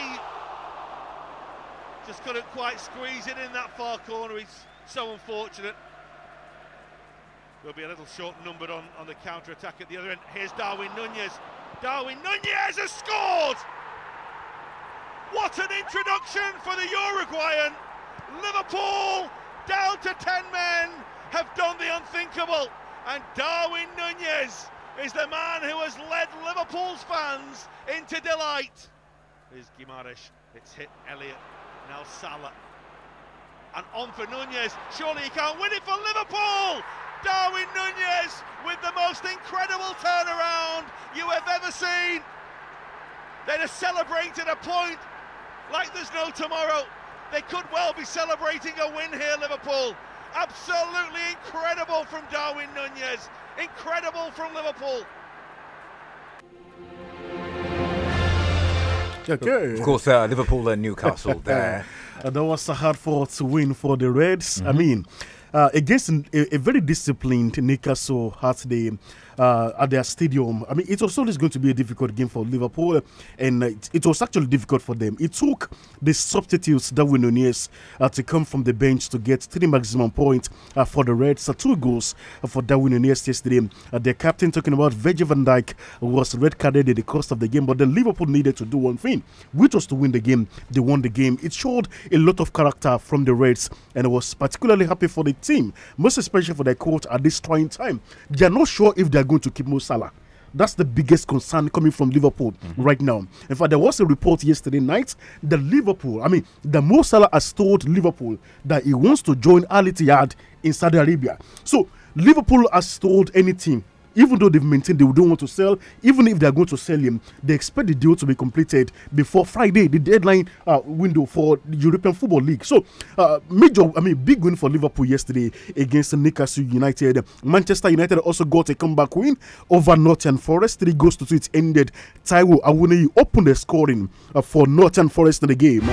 Just couldn't quite squeeze it in that far corner. He's so unfortunate. We'll be a little short-numbered on, on the counter-attack at the other end. Here's Darwin Nunez. Darwin Nunez has scored! What an introduction for the Uruguayan! Liverpool, down to 10 men, have done the unthinkable. And Darwin Nunez is the man who has led Liverpool's fans into delight. Is Guimaraes, it's hit Elliot, now Salah. And on for Nunez, surely he can't win it for Liverpool! Darwin Nunez with the most incredible turnaround you have ever seen. They'd have celebrated a point like there's no tomorrow. They could well be celebrating a win here, Liverpool. Absolutely incredible from Darwin Nunez. Incredible from Liverpool. Okay. Of course, uh, Liverpool and Newcastle there. and that was a hard fought win for the Reds. Mm -hmm. I mm-hmm. mean, uh, against a, a, very disciplined Newcastle had the uh, at their stadium. I mean, it was always going to be a difficult game for Liverpool, and it, it was actually difficult for them. It took the substitutes Darwin Nunez uh, to come from the bench to get three maximum points uh, for the Reds, two goals for Darwin Nunez yesterday. Uh, their captain, talking about Virgil van Dijk, was red carded in the course of the game, but then Liverpool needed to do one thing, which was to win the game. They won the game. It showed a lot of character from the Reds, and I was particularly happy for the team, most especially for their coach at this trying time. They are not sure if they're going to keep Mo Salah. That's the biggest concern coming from Liverpool mm -hmm. right now. In fact, there was a report yesterday night that Liverpool, I mean, the Mo Salah has told Liverpool that he wants to join Al Ittihad in Saudi Arabia. So Liverpool has told any team even though they've maintained they don't want to sell, even if they're going to sell him, they expect the deal to be completed before Friday, the deadline uh, window for the European Football League. So, uh, major, I mean, big win for Liverpool yesterday against Newcastle United. Manchester United also got a comeback win over Northern Forest. Three goals to two. It ended. Taiwo Awuniyi opened the scoring uh, for Northern Forest in the game.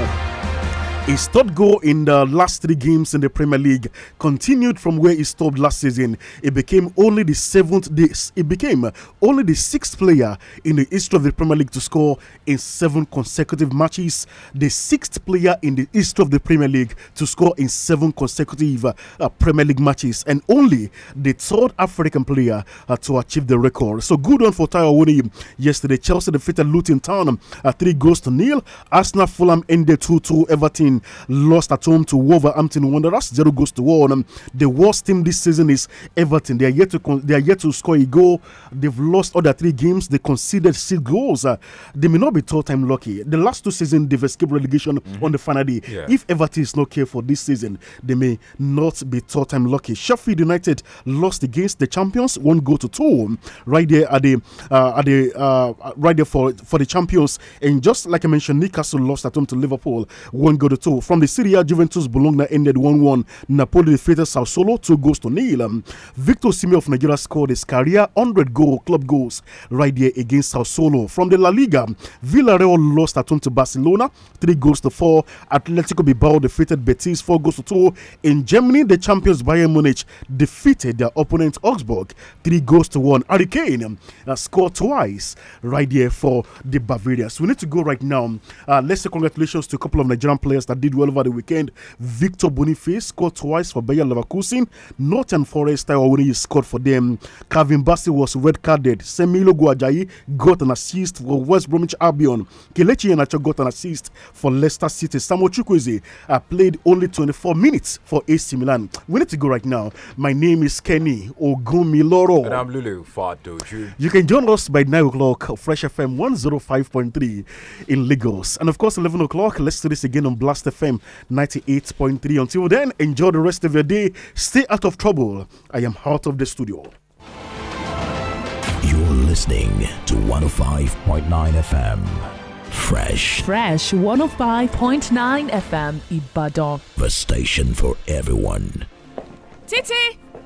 His third goal in the last three games in the Premier League continued from where he stopped last season. It became only the seventh. This it became only the sixth player in the history of the Premier League to score in seven consecutive matches. The sixth player in the history of the Premier League to score in seven consecutive uh, Premier League matches, and only the third African player uh, to achieve the record. So good on for Taiwo Wuni. Yesterday, Chelsea defeated Luton Town uh, three goals to nil. Arsenal, Fulham ended 2-2. Everton lost at home to Wolverhampton Wanderers, zero goals to one. Um, the worst team this season is Everton. They are yet to they are yet to score a goal. They've lost other three games. They conceded six goals. Uh, they may not be third time lucky. The last two seasons they've escaped relegation mm -hmm. on the final day. Yeah. If Everton is not careful this season, they may not be third time lucky. Sheffield United lost against the champions, one goal to two, um, right there at the uh, at the uh, right there for for the champions. And just like I mentioned, Newcastle lost at home to Liverpool, one goal to 2 from the Serie A, Juventus Bologna ended 1 1. Napoli defeated Sao Solo 2 goals to nil. Victor Simi of Nigeria scored his career 100 goal club goals right there against Sao Solo. From the La Liga, Villarreal lost at home to Barcelona 3 goals to 4. Atletico Bilbao defeated Betis 4 goals to 2. In Germany, the champions Bayern Munich defeated their opponent Augsburg 3 goals to 1. Harry Kane uh, scored twice right there for the Bavarians. We need to go right now. Uh, let's say congratulations to a couple of Nigerian players that that did well over the weekend. Victor Boniface scored twice for Bayer Leverkusen. Norton Forest Taiwanese scored for them. Calvin Bassi was red carded. Semilo Guajayi got an assist for West Bromwich Albion. Kelechi Enacho got an assist for Leicester City. Samuel Chukwueze uh, played only 24 minutes for AC Milan. We need to go right now. My name is Kenny Ogumiloro. And I'm Lulu Fadoju. You can join us by 9 o'clock, Fresh FM 105.3 in Lagos. And of course, 11 o'clock, let's do this again on Blast Blast FM 98.3. Until then, enjoy the rest of your day. Stay out of trouble. I am out of the studio. You're listening to 105.9 FM. Fresh. Fresh 105.9 FM Ibadan. The station for everyone. Titi!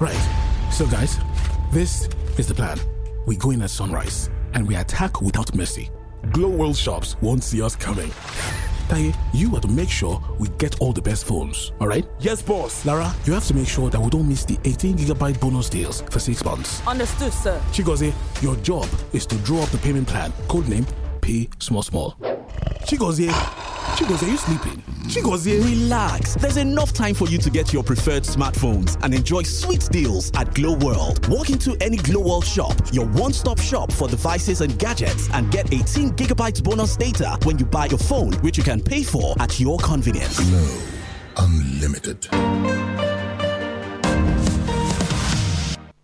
Right. So, guys, this is the plan. We go in at sunrise and we attack without mercy. Glow World shops won't see us coming. Taye, you are to make sure we get all the best phones, alright? Yes, boss. Lara, you have to make sure that we don't miss the 18 gigabyte bonus deals for six months. Understood, sir. Chigose, your job is to draw up the payment plan, codename Pay Small Small. Chigose. Chigozie, are you sleeping? Chigozie. Relax. There's enough time for you to get your preferred smartphones and enjoy sweet deals at Glow World. Walk into any Glow World shop, your one-stop shop for devices and gadgets, and get 18 gigabytes bonus data when you buy your phone, which you can pay for at your convenience. Glow Unlimited.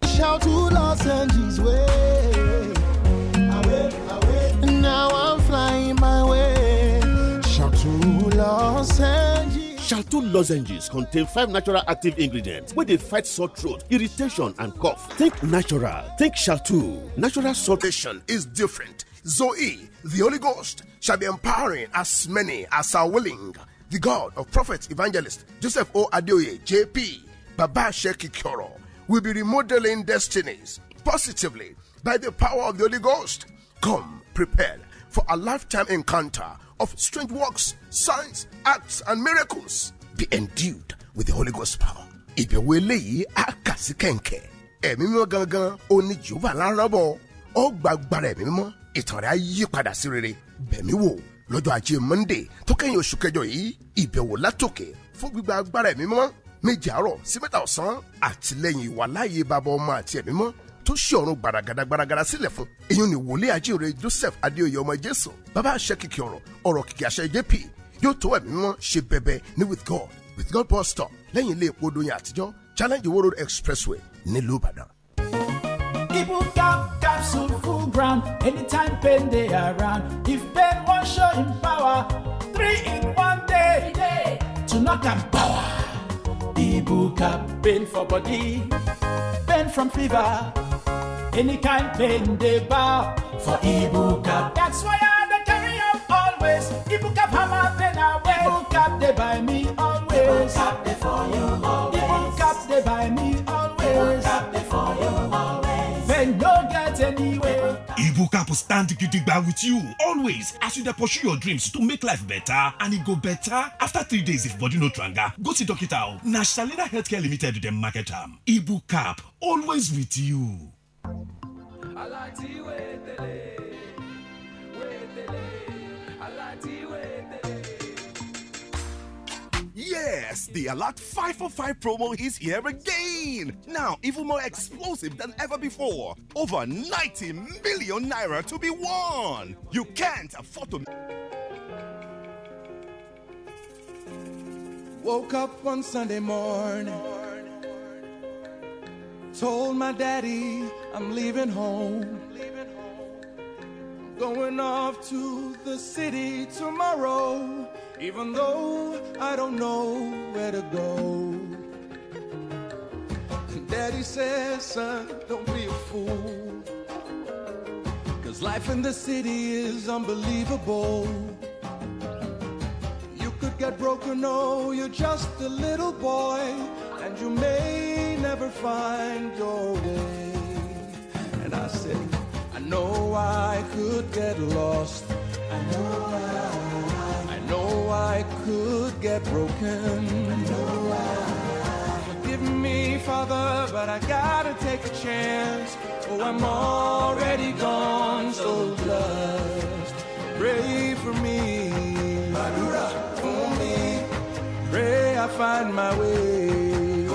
Shout to Los Angeles way. Shalto lozenges contain five natural active ingredients where they fight sore throat, irritation, and cough. Think natural. Think Shalto. Natural salvation is different. Zoe, the Holy Ghost, shall be empowering as many as are willing. The God of prophets, evangelist Joseph O. Adioye, JP, Baba Sheki will be remodeling destinies positively by the power of the Holy Ghost. Come prepared for a lifetime encounter of strange works, signs, acts, and miracles be endued with the Holy Ghost power. Ìbẹ̀wò eléyìí á kà sí kẹ̀ǹkẹ̀. Ẹ̀mí mímọ́ gangan ó ní Jehova láràbọ̀. Ó gba agbára ẹ̀mí mímọ́. Ìtàn rẹ̀ á yí padà sí rere. Bẹ̀mí wò lọ́jọ́ ajé Monday tó kẹ́yìn oṣù kẹjọ yìí. Ìbẹ̀wò látòkè fún gbígba agbára ẹ̀mí mímọ́. Méje àárọ̀ sí mẹ́ta ọ̀sán àtìlẹ́yìn ìwàláyé bàbá ọmọ àti ẹ̀mí mímọ́ tó ṣí ọ̀run gbàràgàdà gbàràgàdà sílẹ̀ fún èyí ni wòlíì ajíire Joseph Adéoyè ọmọ Jésù bàbá àṣẹ kìkì ọ̀rọ̀ ọ̀rọ̀ kìkì àṣẹ JP yóò tó ẹ̀mí mímọ́ ṣe bẹ̀bẹ̀ ní with God with God bus stop lẹ́yìn ilé epo doyin àtijọ́ challenge Iwo expressway nílùú Ìbàdàn. Ibu cap capsule full ground anytime pain dey around if pain wan show im power three in one day to knock am power. Ibuka, pain for body, pain from fever, any kind pain they bow for Ibuka. That's why I carry up always. Ibuka, hammer, then away. wear. Ibuka, they buy me. and stand gidigba with you always as you dey pursue your dreams to make life better and e go better after three days if body no tranga go see doctor o na shalina healthcare limited dem market am ibu cap always with you. Yes, the Alert 545 promo is here again. Now, even more explosive than ever before. Over 90 million naira to be won. You can't afford to. Woke up one Sunday morning. Told my daddy I'm leaving home. I'm going off to the city tomorrow even though I don't know where to go. Daddy says, son, don't be a fool. Cause life in the city is unbelievable. You could get broken, oh, you're just a little boy, and you may never find your way. And I said, I know I could get lost. I know I know I could get broken. Forgive me, Father, but I gotta take a chance. Oh, I'm already gone, so just pray for me. for me. Pray I find my way.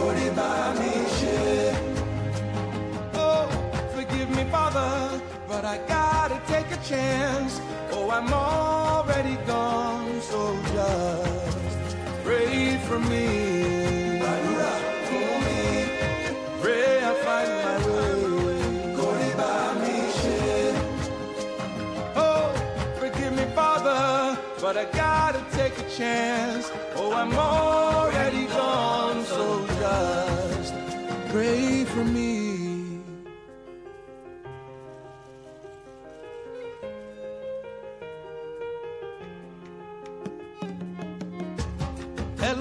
Oh, forgive me, Father, but I gotta take a chance. Oh, I'm already gone for me. Pray I find my way. Oh, forgive me, Father, but I gotta take a chance. Oh, I'm already gone, so just pray for me.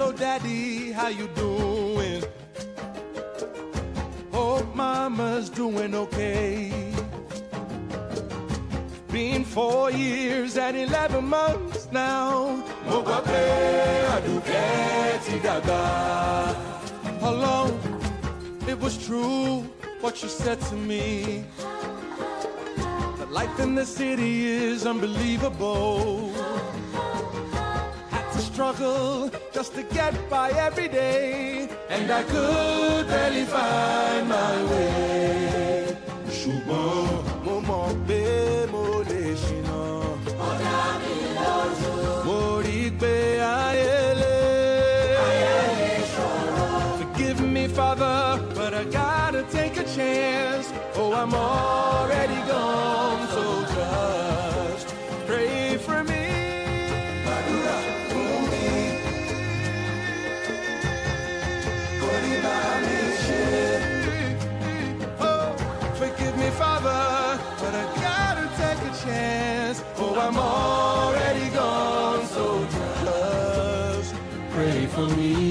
Hello, Daddy, how you doing? Hope Mama's doing okay. Been four years and eleven months now. Hello, it was true what you said to me. That life in the city is unbelievable. Had to struggle just to get by every day. And I could barely find my way. Ṣùgbọ́n mo mọ̀ pé mo lè ṣìnà. Ó dá mi lójú. Mo rí i pé ayé lè. Ayé lè ṣòro. Forgive me, Father, but I gotta take a chance. Oh, I'm already gone. I'm already gone, so just pray for me.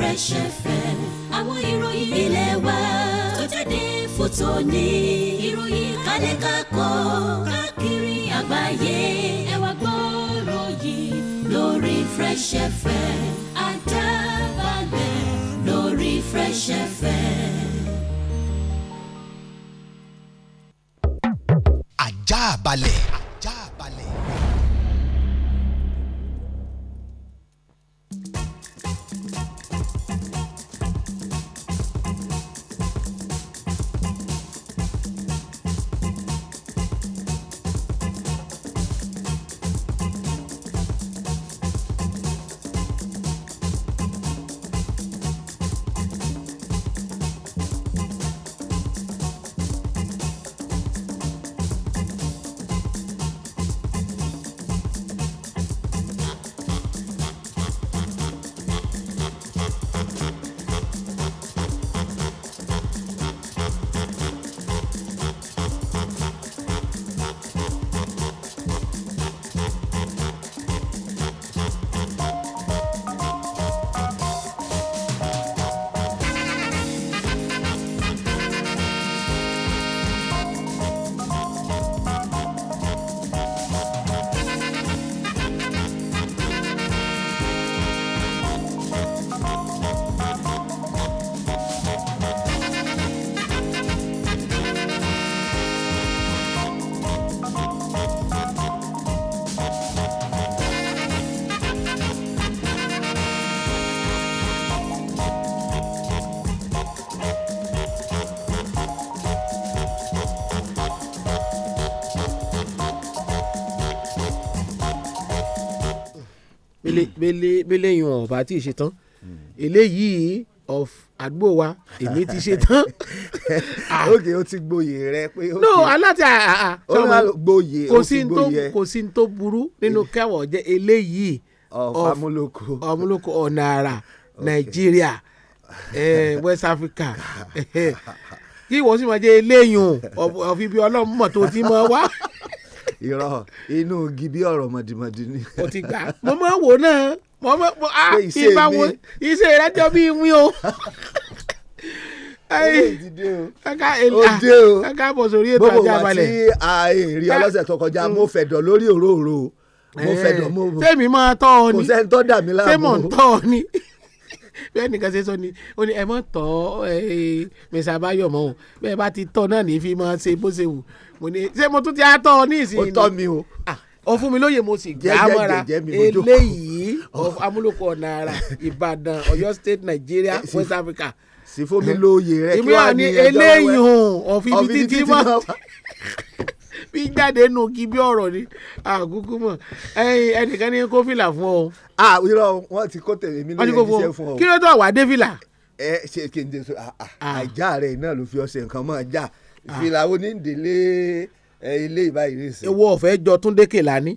Fresh FM àwọn ìròyìn ilé wa tó jáde fún tòní ìròyìn kálẹ̀ kákọ́ káàkiri àgbáyé ẹ wá gbọ́rọ̀ yìí lórí Fresh FM àdábàgbẹ̀ lórí Fresh FM. àjà balẹ̀. bẹ́lẹ́yìn wọn ọ̀bá tí ì ṣe tán eléyìí of àdúgbò wa èmi ti ṣe tán. oge o ti gboyè rẹ pé o ti. no aláti àà sọmọ gboyè o ti gboyè. kò sí tó burú nínú kẹwọ jẹ eléyìí. ọmúlòkọ ọmúlòkọ ọ̀nà àrà nàìjíríà eh, west africa eh, eh. kí wọ́n sì máa jẹ́ eléyìí ọ̀fi bí ọlọ́mọ tó ti mọ̀ wá irọ́ inú gidi ọ̀rọ̀ mọ̀dìmọ̀dì ni. o ti gbà mo máa wò náà mo máa mo a ah, ìbá wo iṣẹ́ ìrẹ́jọ́ bíi mi o. Kaka Ode o kaka ah, bọ̀ sórí ètò ajá balẹ̀. Gbogbo wa ti èrè ọlọ́sẹ̀ tó kọjá mo mm. fẹ̀dọ̀ lórí òróró mo eh, fẹ̀dọ̀ mo. Sẹ́mi máa tọ́ ọ ni. Kò sẹ́ni tó ọ ni bẹ́ẹ̀ nìkan ṣe sọ ni ó ní ẹ mọ̀ tọ́ mẹ̀sà báyọ̀ mọ́ o bẹ́ẹ̀ bá ti tọ́ náà ní fi máa ṣe bó ṣe wù mo ní ṣé mo tún ti á tọ́ o ní ìsinyìí. ó tọ́ mi o. ó ah, fún mi lóye mo sì gbá mọ́ra eléyìí oh. amúlòkọ ọ̀nà ara Ìbàdàn Ọ̀yọ́ state Nigeria eh, West Africa. sì fún mi lóye rẹ kí wàá ní ẹjọ́ rẹ eléyìí hàn ọ̀fi ibi títí mọ́ bí jáde nù kí bí ọ̀rọ̀ ni àgùkù mọ̀ ẹnìkan ní kó fìlà fún ọ. a irọ́ wọn ti kó tẹ̀lé mi lóye iṣẹ́ fún ọ. kí ló tó wà dé fìlà. ẹ ṣe kí n jẹ so àjà rẹ náà ló fi ọṣẹ nǹkan mọ́ ọjà ìfìlà onídélé ilé ìbáyìí nìsín. ewu ọ̀fẹ́ jọ Túndé Kèlání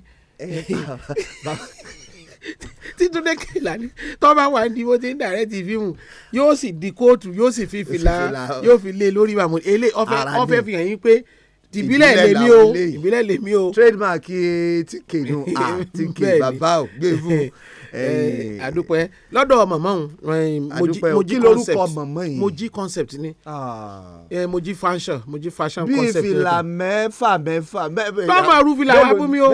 títúndé Kèlání tó bá wà ní bó ti ń dàrẹ́tì fíìmù yóò sì di kóòtù yóò sì fi fìlà yóò fi oh. lé e lórí ìbámu elé ọ̀fẹ́ fi hàn yín pé tìbílẹ̀ lèmi o tìbílẹ̀ lèmi o. trademark eh, ti kèdùn a ah, ti kè bàbá ò gbé fún un àdúpẹ́ lọ́dọ̀ mọ̀mọ́ òun eh, mojí concept mojí concept ni ah. eh, mojí fashion mojí fashion concept. bí ìfìlà mẹ́fà mẹ́fà. tọ́mọ̀ ọ̀rú fìlà wà fún mi o.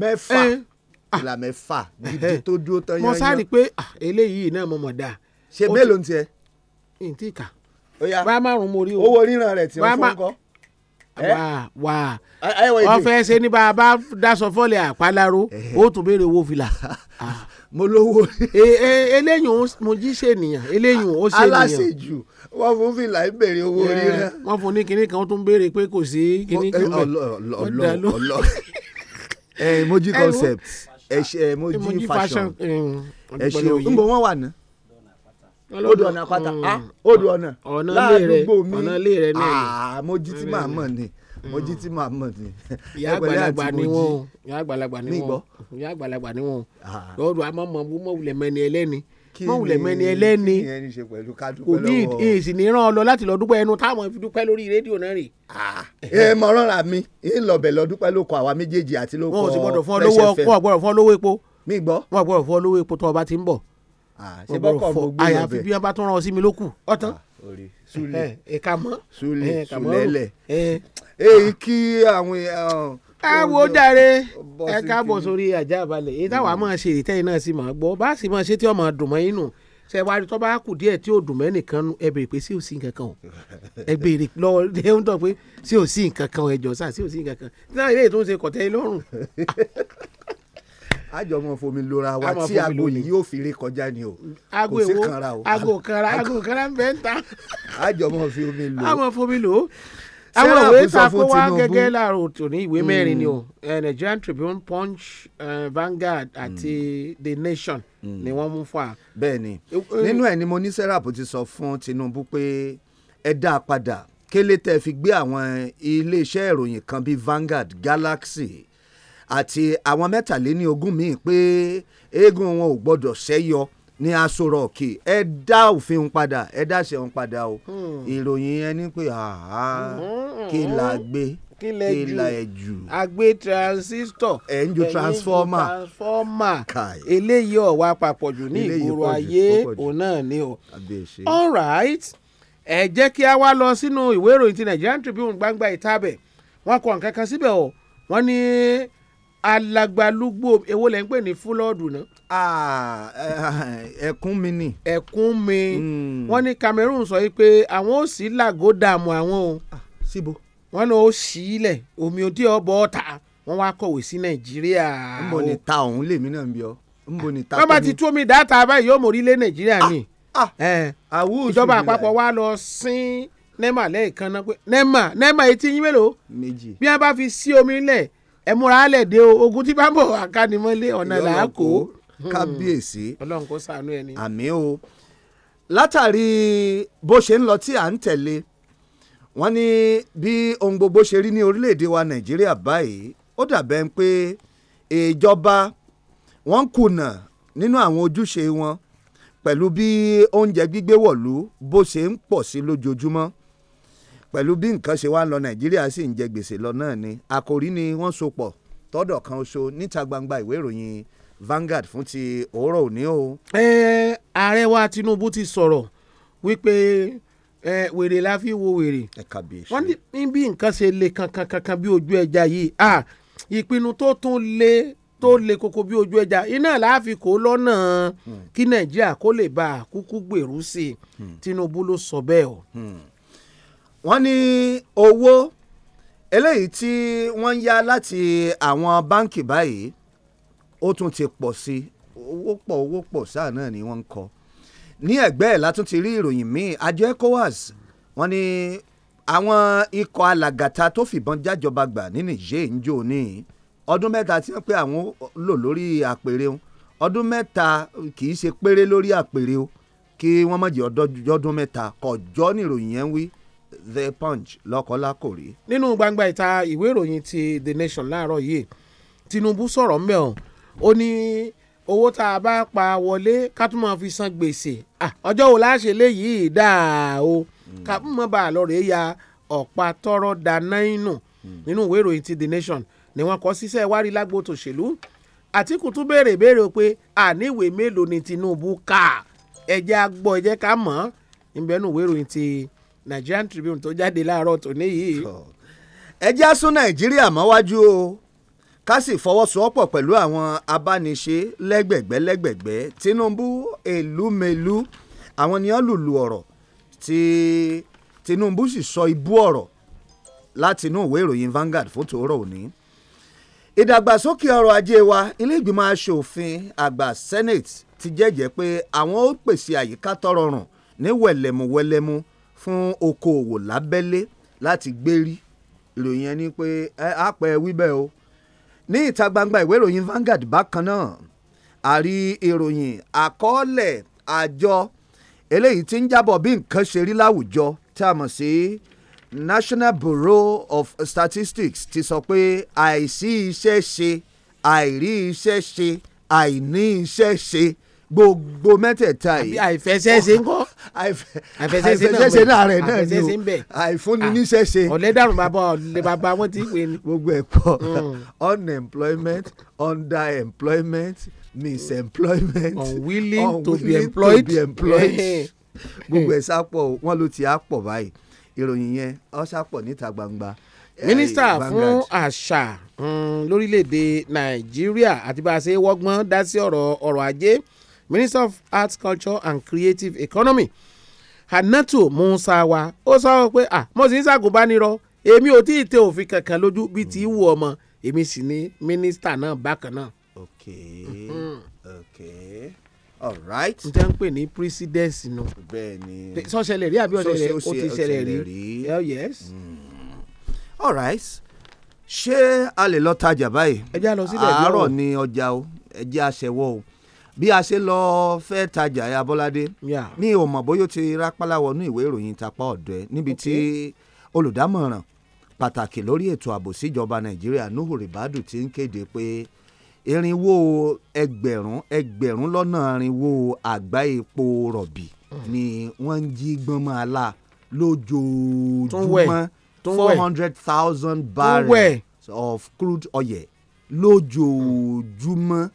mẹ́fà eh, ah. fìlà mẹ́fà gidi tó dúró tán yányán. mo sáré pé ah, eléyìí náà mo mọ̀ dáa. ṣe mélòó ni tiẹ̀. ǹtí kà. bá a máa rún mo rí o. owó ríran rẹ̀ tí wọ́n fún kọ́. Eh? wà wà eh, eh, ọfẹ ṣe ní bá a bá daṣọ fọlẹ àpáláró ó tún béèrè owó fìlà. Ah. Ah. mo lówó. E, e, eléyìí mo jí ṣènìyàn eléyìí ó ṣènìyàn. aláṣejù wọn fún fìlà ń béèrè owó rírẹ. wọn fún ní kinní kan ó tún béèrè pé kò sí kinní kan bẹ́ẹ̀. ọlọ ọlọ emoji concept emoji fashion ẹ ṣeun nbọ wọn wà náà odò ọ̀nà pátá mm. ah, odò ọ̀nà ládùúgbò mi ah, jí tí màá mọ̀ ni mo jí tí màá mọ̀ ni. Mm. ìyá àgbàlagbà ni wọn o ìyá àgbàlagbà ni wọn o ìyá àgbàlagbà ni wọn o ah. lọ́dọ̀ àmọ́ mọ̀wulẹ̀ mẹ́ni ẹlẹ́ni mọ̀wulẹ̀ mẹ́ni ẹlẹ́ni kò ní èsì ní ràn ọ́ lọ láti lọ dúpẹ́ ẹnu táwọn fi dúpẹ́ lórí rédíò náà rè. Ah, ẹ mọ rọra mi ń lọbẹ lọ dúpẹ́ lóko àwa méjèèjì àti lóko fẹsẹfẹ. wọn ò gbọ́dọ̀ fún ọ lówó epo. mi gbọ́. wọn ò gbọ́dọ̀ fún ọ lówó epo tó o bá ti ń bọ̀. Ah, ṣe bọ́kọ̀ mo gbé lọ bẹ́ẹ̀ àyàfi bí wọ́n bá tún rán ọ sí mi lókù ah, ọ̀tán sùlẹ̀ sùlẹ̀lẹ̀ èyí kí àwọn. ẹ wo dáre ẹ káàbọ̀ sórí ajá balẹ̀ èyí táwa hmm. máa ṣe ìtẹ́yìn náà sì máa gbọ́ bá sì máa ṣe tí ọmọ dùn mọ́ inú ṣe wá rí tó bá kù díẹ̀ tí ò dùn mẹ́ nìkan nu ẹ béèrè pé sí ò sí nǹkan kan o ẹ béèrè lọ́wọ́ ẹ ń dọ̀ pé sí ò sí nǹkan kan o ẹ jọ sá sí ò sí nǹkan kan tí náà ilé ètò ń ṣe kọ̀tẹ́ àjọ ọmọ fomi lora wa tí aago yìí yóò fi ré kọjá ni o kò sí kanra o aago kanra aago kanra ń bẹ ń ta àjọ ọmọ fomi lo àmọ fomi lo àwọn ìwé ta kó wá gẹ́gẹ́ láàárọ̀ òtòní ìwé hmm. mẹ́rin ni o eh, Nigerian Tribune Punch uh, Vanguard àti hmm. The Nation hmm. ni wọ́n mú fún wa. bẹ́ẹ̀ni eh, nínú ẹ ni mo ní Serap ti sọ fún Tinubu pé ẹ dá a padà kélé tẹ́ fi gbé àwọn iléeṣẹ́ ìròyìn kan bíi Vanguard Galaxy àti àwọn mẹ́tàléníogún míì pé eégún wọn ò gbọ́dọ̀ ṣẹ́yọ ní aṣọ rọ̀ọ̀kì ẹ dá òfin òun padà ẹ dá ṣe padà o hmm. ìròyìn ẹni pé hmm. kí la gbé kí la ẹ jù àgbé transistor ẹ̀yìn ju transformer transformer eléyìí ọ̀wá papọ̀ jù ní ìgboro ayé òun náà ni o all right ẹ jẹ́ kí a wá lọ sínú ìwé ìròyìn ti Nigerian Tribune gbangba ìta wọ́n kọ nǹkan kan síbẹ̀ o wọ́n ní alagbalúgbò èwo lẹ́ ń pè ní fúlọ́ọ̀dù náà. ẹkún mi ni. ẹkún mi hmm. wọ́n ní Cameroon sọ yìí pé àwọn ò sí làgó dààmú àwọn o. síbo. wọ́n ní ó sí ilẹ̀ omi ò tí ò bọ́ ọ̀tà wọ́n wá kọ̀wé sí Nàìjíríà. ń bọ̀ ní ta òun lèmi náà ń bí ọ ń bọ̀ ní ta tó mi. wọ́n bá ti tú omi dáta báyìí yóò mórí lé Nàìjíríà ni. ìjọba àpapọ̀ wa lọ sín nẹ́mà lẹ́ẹ̀kan náà pé nẹ́mà nẹ́mà etí yín mélòó. méjì bí wọ́n bá fi sí omi lẹ̀ ẹ múra lẹ̀ dé o ogun tí bá ń bọ̀ akánimọ́lé ọ̀nà làákò. kábíyèsí ọlọ́run kò sànú ẹni. àmì o látàrí bó ṣe ń lọ tí à ń tẹ̀lé wọ́n ní bí ohun gbogbo ṣe rí ní orílẹ̀-èdè wa nàìjíríà báyìí ó dàbẹ̀ ń pé ìjọba wọ́n kùnà nínú àwọn ojúṣe wọn pẹ̀lú bí oúnjẹ gbígbé wọ̀lú bó ṣe ń pọ̀ sí lójoojúmọ́ pẹ̀lú bí nǹkan ṣe wá ń lọ nàìjíríà sì ń jẹ gbèsè lọ náà ni àkòrí ni wọ́n so pọ̀ tọ́dọ̀ kan oṣù níta gbangba ìwé ìròyìn Vanguard fún ti òórọ̀ òní o. ẹ ẹ ààrẹ wa Tinubu ti sọ̀rọ̀ wípé ẹ wèrè la fi wo wèrè wọ́n ní bí nǹkan ṣe le kankan kankan bí ojú ẹja yìí à ìpinnu tó tún le tó le koko bí ojú ẹja iná láàfin kò lọ́nà hmm. kí Nàìjíríà kó lè bá a kúkú gbèrú sí i hmm. Tinubu ló sọ bẹ́ẹ̀ o. Hmm wọ́n ní owó eléyìí tí wọ́n ń yá láti àwọn báǹkì báyìí ó tún ti pọ̀ sí owó pọ̀ owó pọ̀ sáà náà ni wọ́n ń kọ ní ẹ̀gbẹ́ ẹ̀ látún ti rí ìròyìn míì àjọ ECOWAS wọ́n ní àwọn ikọ̀ alàgàtà tó fìbọn jájọba gbà ní Niger ń jò ní ọdún mẹ́ta tí wọ́n pé àwọn lò lórí àpèrè ọdún mẹ́ta kì í ṣe péré lórí àpèrè kí wọ́n má ọdún mẹ́ta kọjọ́ níròyìn yẹn wí The Punch lọ́kọ́lá kò rí. nínú gbangba ìta ìwé ìròyìn ti The Nation láàárọ̀ yìí Tinubu sọ̀rọ̀ mbẹ́ ọ̀hún ó ní owó tá a bá pa wọlé ká tún máa fi san gbèsè ọjọ́ wo la ṣe léyìí dáa o ká mọ̀ bá a lọ rèé ya ọ̀pá tọrọ dáná inú nínú ìwé ìròyìn ti The Nation ni wọ́n kọ síṣẹ́ wárí lágbo tòṣèlú Àtìkù tún béèrè béèrè pé àníwèé mélòó ni Tinubu kà ẹ̀jẹ̀ agbọ̀ ẹ̀jẹ̀ ká mọ̀ ọ́ ìbẹ́nu ìwé ìròyìn ti Nigerian Tribune tó jáde láàárọ̀ tó níyì. ẹ já sún nàìjíríà mọ́wájú o ká sì fọwọ́sowọ́pọ̀ pẹ̀lú àwọn abániṣe lẹ́gbẹ̀gbẹ́ lẹ́gbẹ̀gbẹ́ Tinubu èlúmelu àwọn ni wọ́n lùlù ọ̀rọ̀ tí Tinubu sì sọ ibú ọ̀rọ̀ láti inú ìwé ìròyìn Vanguard fún tòórọ̀ òní ìdàgbàsókè ọrọ̀ ajé wa ilé ìgbìmọ̀ asòfin àgbà Senate ti jẹ́jẹ́ pé àwọn ó pèsè àyíká tọrọrùn ní wẹ̀lẹ̀mú wẹ̀lẹ̀mú fún okoòwò lábẹ́lé láti gbérí ìròyìn yẹn pé àpẹ wíbẹ̀ o ní ìta gbangba ìwé ìròyìn Vanguard bákan náà àrí ìròyìn àkọọ́lẹ̀ àjọ eléyìí tí ń jábọ̀ bí nǹkan ṣe rí láwùjọ tí a mọ̀ sí National Bureau of Statistics ti sọ pé àìsí iṣẹ́ ṣe àìrí iṣẹ́ ṣe àìní iṣẹ́ ṣe gbogbo mẹ́tẹ̀ẹ̀ta yìí. àbí àìfẹsẹ̀ṣe ń kọ́. àìfẹsẹ̀ṣe náà rẹ̀ náà ni o àìfúnni níṣẹ́ṣe. ọ̀lẹ́dàrún bàbá ọ̀lẹ́ bàbá wọn ti pè ní. gbogbo ẹ̀ pọ̀ hmm. unemployment underemployment misemployment unwilling, unwilling to be employed. To be employed. gbogbo ẹ̀ sápọ̀ wọn ló ti á pọ̀ báyìí ìròyìn yẹn ó sápọ̀ níta gbangba mínísítà fún àṣà hmm, lórílẹ̀‐èdè nàìjíríà àti bá a ṣe wọ́gbọ́n dá sí ọ̀rọ̀ ọ̀rọ̀ ajé Minister of Arts Culture and Creative Economy Hannatu Musawa ó sọ pé à mo sì ń ṣàgùnbánirọ̀ èmi ò tí ì tẹ òfin kankan lójú bíi ti wù ọmọ èmi sì ni mínísítà náà bákan náà. ok mm-hmm. ok alright. n tẹ́ ń pè ní presidency nu. bẹ́ẹ̀ni sọ́sẹ̀lẹ̀ rí àbí ọ̀sẹ̀lẹ̀ ó ti ṣẹlẹ̀ rí oh yes. Hmm. All right. ṣé a lè lọ tajà báyìí. ẹ jẹ́ a lọ sílẹ̀ bí ọ̀rọ̀ àárọ̀ ni ọjà o ẹ jẹ́ a ṣẹ̀wọ́ o bí a ṣe lọ fẹ́ tajà abọ́ládé mi ò mọ̀ ti rápálá wọnú ìwé ìròyìn tapá ọ̀dọ́ ẹ níbi tí olùdámọ̀ràn pàtàkì lórí ètò ààbò síjọba nàìjíríà nuhu ribadu ti ń kéde pé irinwó ẹgbẹ̀rún ẹgbẹ̀rún lọ́nà irinwó àgbá epo rọ̀bì hmm. ni wọ́n ń jí gbọ́nmọ́ àlà lójoojúmọ́ four hundred thousand barrels of crude oil lójoojúmọ́. Mm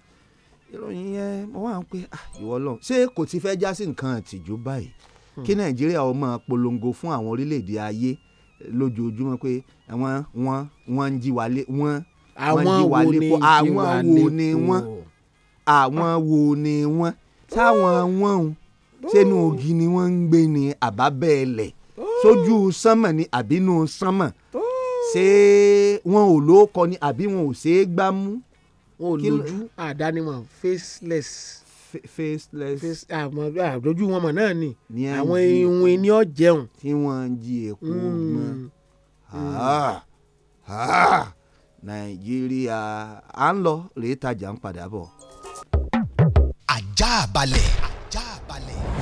ìròyìn yẹn mo wá ń pè ìwọ lọ ṣé kò ti fẹ́ já sí nǹkan àtìjú báyìí hmm. kí nàìjíríà ó máa polongo fún àwọn orílẹ̀-èdè ayé lójoojúmọ́ pé wọ́n wọ́n wọ́n ń jí wa lé wọ́n wọ́n jí wa lé po àwọn wo ni wọ́n àwọn wo ni wọ́n táwọn wọ́n ń sẹ́nu ògì ni wọ́n ń gbé ní àbábẹ́ẹ̀lẹ̀ sójú sánmọ̀ ni àbínú sánmọ̀ oh. ṣé wọn ò lóko ni àbí wọn ò ṣeé gbámú wọn ò lójú àdánimọ̀ faceless. faceless face àmọ́ àdójú wọn mọ̀ náà ni àwọn ìwìn ni ó jẹun. tí wọ́n ń jí èkó mọ́ mm. mm. ah, ah, nàìjíríà à ń lọ rèé tajà ń padà bọ̀. ajá balẹ̀. ajá balẹ̀.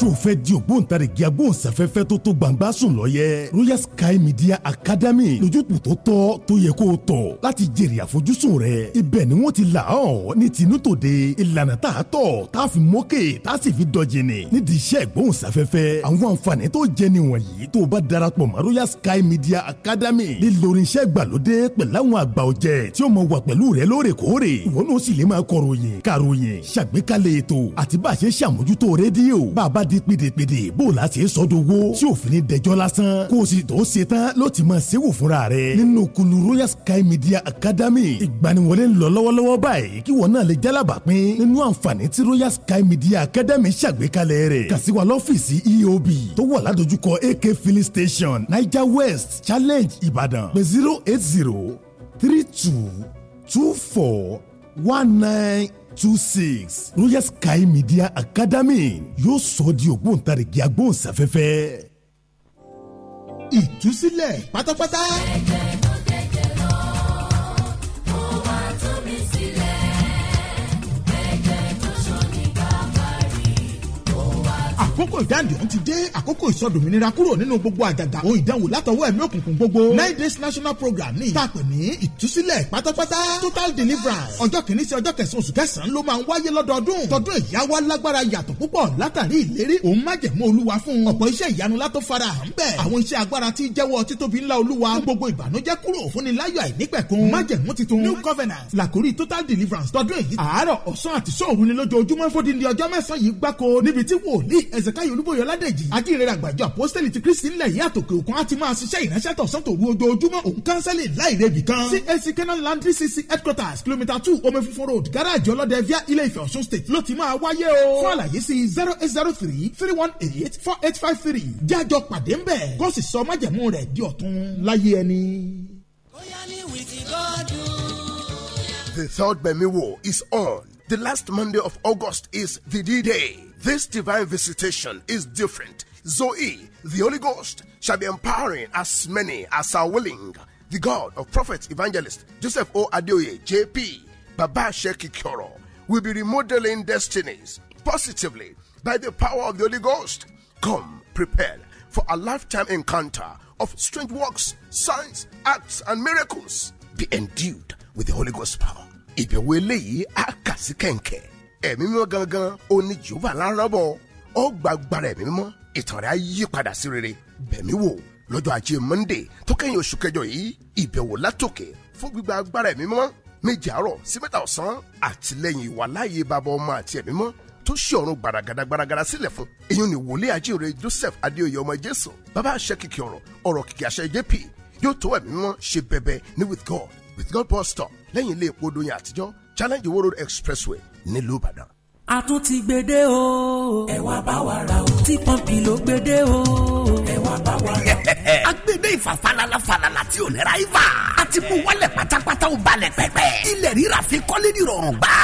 ṣó fẹ́ di ògbóǹtarìgì agbóhùnsáfẹ́fẹ́ tó tó gbangba sùn lọ́yẹ Royal Sky Media Academy lójútùú tó tọ́ tó yẹ kó o tọ̀ láti jèrè àfojúsùn rẹ ibẹ̀ ni wọ́n ti là ọ́ ní tinútòde ìlànà tá a tọ̀ tá a fi mókè tá a sì fi dọ̀jìnì nídìí iṣẹ́ ìgbóhùnsáfẹ́fẹ́ àwọn àǹfààní tó jẹ nìwọ̀nyí tó bá darapọ̀ mọ́ Royal Sky Media Academy lílorin iṣẹ́ ìgbàlódé pẹ̀lú àwọn àgbà di pédèpédè bó o la ṣe sọdowó tí o fi ní dẹjọ́ lásán kó o sì tó ṣe tán ló ti máa ṣẹ́wò fúnra rẹ̀ nínú kunu royal sky media academy ìgbaniwọlé ń lọ lọ́wọ́lọ́wọ́ báyìí kí wọ́n náà lè jálábàápín nínú àǹfààní tí royal sky media academy ṣàgbékalẹ̀ rẹ̀ kàn sí wa lọ́fíìsì eob tó wà ládojúkọ ak filling station niger west challenge ibadan. pé zero eight zero three two two four one nine two six royal sky media academy yóò sọ ọ́ di ògbóǹtarìgì agbóhùnsáfẹ́fẹ́. ìtúsílẹ̀ pátápátá. ẹgbẹ́ náà. àkókò ìdáǹdè ọ̀hún ti dé àkókò ìsọdòmìnira kúrò nínú gbogbo àjàgà ohun ìdánwò látọwọ́ ẹ̀mí òkùnkùn gbogbo nine days national program ní ìtàpẹ̀ ní ìtúsílẹ̀ pátápátá total deliverance ọjọ́ kìíní sí ọjọ́ kẹsàn-án oṣù kẹsàn-án ló máa ń wáyé lọ́dọọdún tọdún ìyá wa lágbára yàtọ̀ púpọ̀ látàrí ìlérí òun májẹ̀mú olúwa fún ọ̀pọ̀ iṣẹ́ ìyanu látó fara hàn bẹ́ẹ̀ àwọn iṣẹ́ agbára tí jẹ́wọ́ títóbi ńlá olúwa gbogbo ìbànújẹ́ kúrò fúnni láyọ̀ àìnípẹ̀kun májẹ̀mú titun new covenant làkórí total deliverance tọdún èyí àárọ̀ ọ̀sán àti sóòru ni lójoojúmọ́ fódìdí ọjọ́ mẹ́sàn-án yìí gbáko níbi tí wòlíì ẹ̀z ìsèkáyọ̀ olúbọ̀yọ̀ ládẹ́jì àti àgbàjọ àpọ́sítẹ́lì ti kristi ńlẹ̀ yìí àtòkè òkun á máa ṣiṣẹ́ ìránṣẹ́ tọ̀sán tòru ojoojúmọ́ òun kánsẹ́lì láìrẹ́bì kan. cac kenan landry cc headquarters kilometre two omi funfun road garage ọlọ́dẹ via ilé ìfẹ́ ọ̀ṣun state ló ti máa wáyé o. fún àlàyé sí zero eight zero three three one eight four eight five three jájọ pàdé ńbẹ̀ kó sì sọ májẹ̀mú rẹ̀ di ọ̀tun láyé ẹni. The third Bemiwo is on. The last Monday of August is the D-Day. This divine visitation is different. Zoe, the Holy Ghost, shall be empowering as many as are willing. The God of prophets, evangelists, Joseph O. Adeoye, JP, Baba Shekikoro, will be remodeling destinies positively by the power of the Holy Ghost. Come prepared for a lifetime encounter of strange works, signs, acts, and miracles. Be endued with the Holy Ghost power. ẹ̀mí mímọ́ gangan ó ní jehova lárọ́bọ̀ ó gba agbára ẹ̀mí mímọ́ ìtàn rẹ̀ á yí padà sí rere bẹ̀mí wò lọ́jọ́ ajé monde tó kẹ́yìn oṣù kẹjọ yìí ìbẹ̀wò látòkè fún gbígba agbára ẹ̀mí mímọ́ méje àárọ̀ sí mẹ́ta ọ̀sán àtìlẹ́yìn ìwàláàyè bàbá ọmọ àti ẹ̀mí mímọ́ tó ṣí ọ̀run gbàràgàdà gbàràgàdà sílẹ̀ fún èyí ni wòlíì ajíire joseph adéoyè ọmọ jésù bàbá àṣẹ kìkì ọ̀rọ̀ ọ̀rọ̀ kìkì àṣẹ jp yóò tó ẹ̀mí mímọ́ ṣe bẹ̀bẹ̀ ní with god with god pastor stop lẹ́yìn ilé epo doyin àtijọ́ Challenge the World Expressway, Nilubadan. a tún ti gbede o. ẹ wá bá wa ra o. tí pọ́ǹpì ló gbede o. ẹ wá bá wa ra o. agbede ìfàfàlàlà falala tí ò ní ra ibà. a ti mú wálẹ̀ pátápátá ó balẹ̀ pẹ́pẹ́. ilẹ̀ rírà fi kọ́lé ní rọrùn gbà.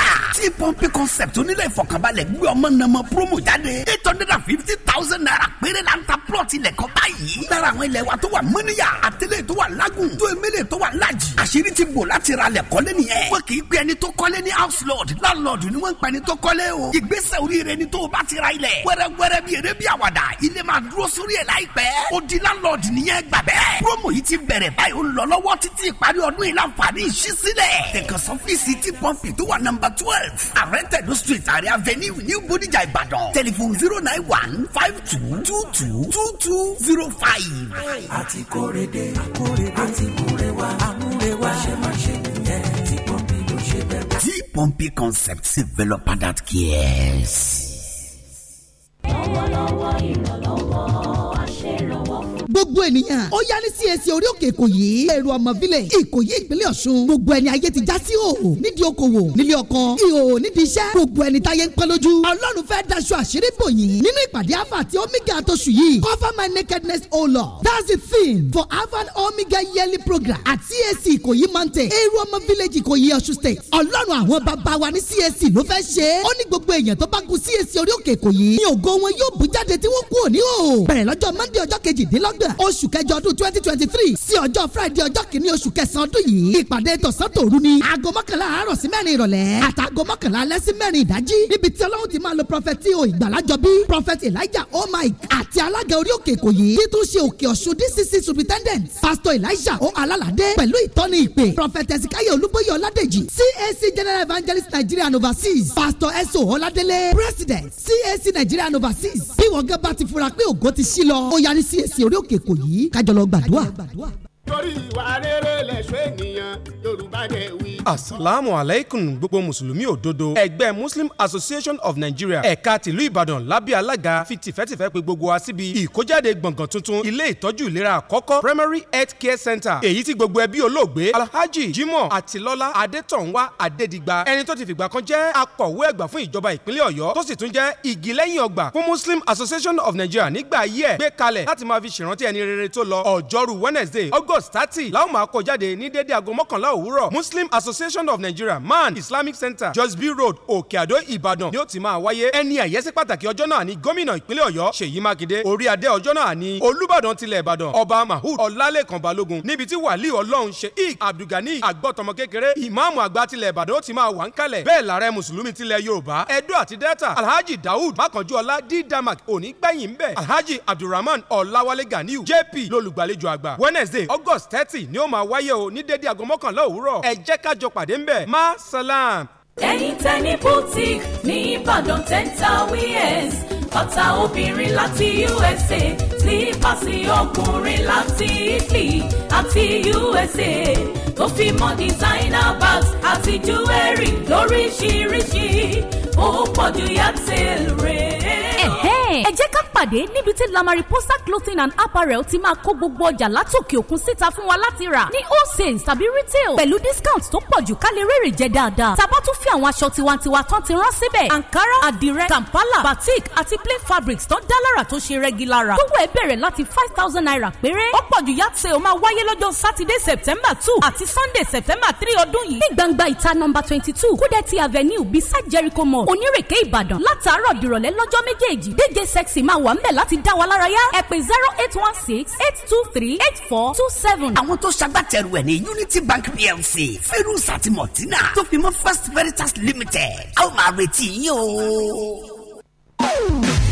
tí pọ́ǹpì concept onílẹ̀ ìfọ̀kànbalẹ̀ gbé ọmọ nàmọ promo jáde. eight hundred and fifty thousand naira péré la ń ta plot ilẹ̀ kan báyìí. lára àwọn ilẹ̀ wa tó wà mọ́níyà àtẹlẹ́ tó wà lágùn tó emele tó wà lájì. àṣírí ti bò láti ra lẹ̀ kọ́lé nìyẹn. wọ́n kì í pe ẹni tó kọ́lé ní house lord landlord ni wọ́n ń pa ẹni tó kọ́lé o ìgbésẹ̀ oríire ni tó o bá ti ra ilẹ̀ wẹ́rẹ́wẹ́rẹ́ bí eré bí àwàdà ilé máa dúró sórí ẹ̀ láìpẹ́ ó di láńlọ́ọ̀dù nìyẹn gbà bẹ́ẹ̀ promo yìí ti bẹ̀rẹ̀ báyìí ó ń lọ lọ́wọ́ títí ìparí ọdún yìí láǹfààní ìṣí sílẹ̀ tẹ̀kọ̀sọ́ fíìsì tí pọ́ǹpì tó wà nọ́mbà twelve àrẹ́tẹ̀dó street àrẹ avenue new bodijà ìbàdàn tẹlifon zero nine one five two two two two two zero five. àti kórede àkórede àti múrewa àmúrewa ṣe máa ṣe ní. T-Pompey Concept developer that cares. lọ́wọ́lọ́wọ́ ìrànlọ́wọ́ gbogbo ènìyàn ó yá ní CAC orí òkè ìkòyí èrò ọmọ village ìkòyí ìpínlẹ̀ ọ̀ṣun gbogbo ẹni ayé ti já sí òòhò nídìí okòwò nílé ọkọ ìhòòhò nídìí iṣẹ́ gbogbo ẹni táyé ń pẹ́ lójú ọlọ́run fẹ́ daṣọ àṣírí bò yín nínú ìpàdé alpha àti omega àtọ̀sù yìí cover my nakedness o lord that's the theme for alpha and omega yearly program at CAC ìkòyí mountain èrò ọmọ village ìkòyí ọ̀ṣun state ọlọ́run àwọn bàbá wa ní CAC ló fẹ́ ṣe é ó ní gbogbo èèyàn tó bá gun CAC orí òkè ìkòyí ní ògo wọn yóò bú jáde tí wọ́n kú òní o bẹ̀rẹ̀ lọ́jọ́ monday ọjọ́ kejìdínlọ́gbẹ̀ kódà oṣù kẹjọ ọdún twenty twenty three sí ọjọ́ friday ọjọ́ kìíní oṣù kẹsàn-án ọdún yìí ìpàdé tọ̀sán tòru ni aago mọ́kànlá àárọ̀ sí mẹ́rin ìrọ̀lẹ́ àtàgọ́ mọ́kànlá alẹ́ sí mẹ́rin ìdájí níbi tí ọlọ́run ti máa lo prọfẹtì o ìgbàlájọ bí prọfẹtì elijah omaik oh àti alága orí òkè èkó yìí títún ṣe òkè ọ̀ṣun dcc superintendent pastor elijah o alalade pẹ̀lú ìtọ́ni ìpè prọfẹtì ẹ̀sìnkáyọ̀ olúbóyè ọládèjì cac general evangelist nigeria and overseas pastor eso ọládélé president cac nigeria and overseas bí wọ́n gẹ́gẹ́ bá ti fura pé ògo ti sí lọ ó yarí cac orí òkè àsìkò yìí kájọ lọ gbàdúrà torí ìwà rere lẹ̀ṣọ́ ènìyàn yorùbá dẹ̀ wí. asalaamu aleykum gbogbo mùsùlùmí òdodo ẹgbẹ́ muslim association of nigeria ẹ̀ka tìlú ìbàdàn lábẹ́ alága fi tìfẹ́tìfẹ́ pe gbogbo wa síbi ìkójáde gbọ̀ngàn tuntun ilé ìtọ́jú ìlera àkọ́kọ́ primary health care center èyí tí gbogbo ẹbí olóògbé alhaji jimoh atilọ́lá adétọ̀nwá adédigba ẹni tó ti fìgbà kan jẹ́ akọ̀wé ẹgbà fún ìjọba ìpínlẹ̀ ọ̀yọ́ tó sì tún jẹ́ igi lẹ́yìn ọgbà fún muslim association of nigeria nígbà ayé ẹ̀ gbé kalẹ̀ láti máa fi ṣèrántí ẹni rere tó lọ ọjọ́rú wednesday ọgọ́ august thirty láwọn máa kọ jáde ní dédé aago mọ́kànlá òwúrọ̀ muslim association of nigeria man islamic center Josby road òkè àdó ìbàdàn ni ó ti máa wáyé ẹni àyẹ́sí pàtàkì ọjọ́ náà ni gómìnà ìpínlẹ̀ ọ̀yọ́ ṣèyí mákindé orí adé ọjọ́ náà ni olúbàdàn tilẹ̀ ìbàdàn ọba mahood ọlálẹ́kan balógun níbi tí wàlíì ọlọ́run sheik abdulgani àgbọ̀tọmọ kékeré ìmáàmù àgbà tilẹ̀ ìbàdàn ó ti máa wà ń kalẹ̀ bẹ́ẹ̀ làárẹ̀ mùsùlùmí tilẹ̀ yorùbá edo àti delta alhaji daoud makanjuola d damak òní gbẹ̀yìn bẹ́ẹ̀ alhaji abdulrahman ọláwálé ganiu jp lolùgbàlejò àgbà wednesday august thirty ni ó máa wáyé o ní dédé aago mọ́kànlá òwúrọ̀ ẹ jẹ́ ká jọ pàdé ńbẹ̀ má salam. Ẹnitẹni boutique ní Ìbàdàn dental wears bàtà obìnrin láti USA sípàsì ọkùnrin láti Italy àti USA tó fi mọ́ designer bags àti jewelry lóríṣiríṣi ó pọ̀ ju yàtẹ̀ rẹ̀ bẹ́ẹ̀. ẹ jẹ́ ká pàdé níbi tí lamari posa clothing and apparel ti máa kó gbogbo ọjà látòkè òkun síta fún wa láti rà ní wholesale tàbí retail pẹ̀lú discount tó pọ̀ jù ká lè rèrè jẹ dáadáa. tàbá tún fi àwọn aṣọ tiwantiwa tán ti rán síbẹ̀ ankara àdìrẹ kampala batik àti plain fabrics tán dá lára tó ṣe rẹ́gi lára. gbogbo ẹ bẹ̀rẹ̀ láti five thousand naira péré. ó pọ̀ jù yàtse ó máa wáyé lọ́jọ́ sátidé september two àti sunday september three ọdún yìí. ní gbangba ìta nọmba twenty two kúdẹ́tì avenue beside jericho mall onírèké ìbàdàn látàárọ̀ dìrọ̀lẹ́ lọ́jọ́ méjèèjì déje sexy máa wà ńbẹ̀ láti dá wa lára yá ẹ pè zero eight one six eight two three eight four two seven. àwọn tó ṣagbátẹrù ẹ̀ ní Unity Bank PLC ferus àti Martina tó fi mọ́ First Veritas Limited a ó máa retí yín o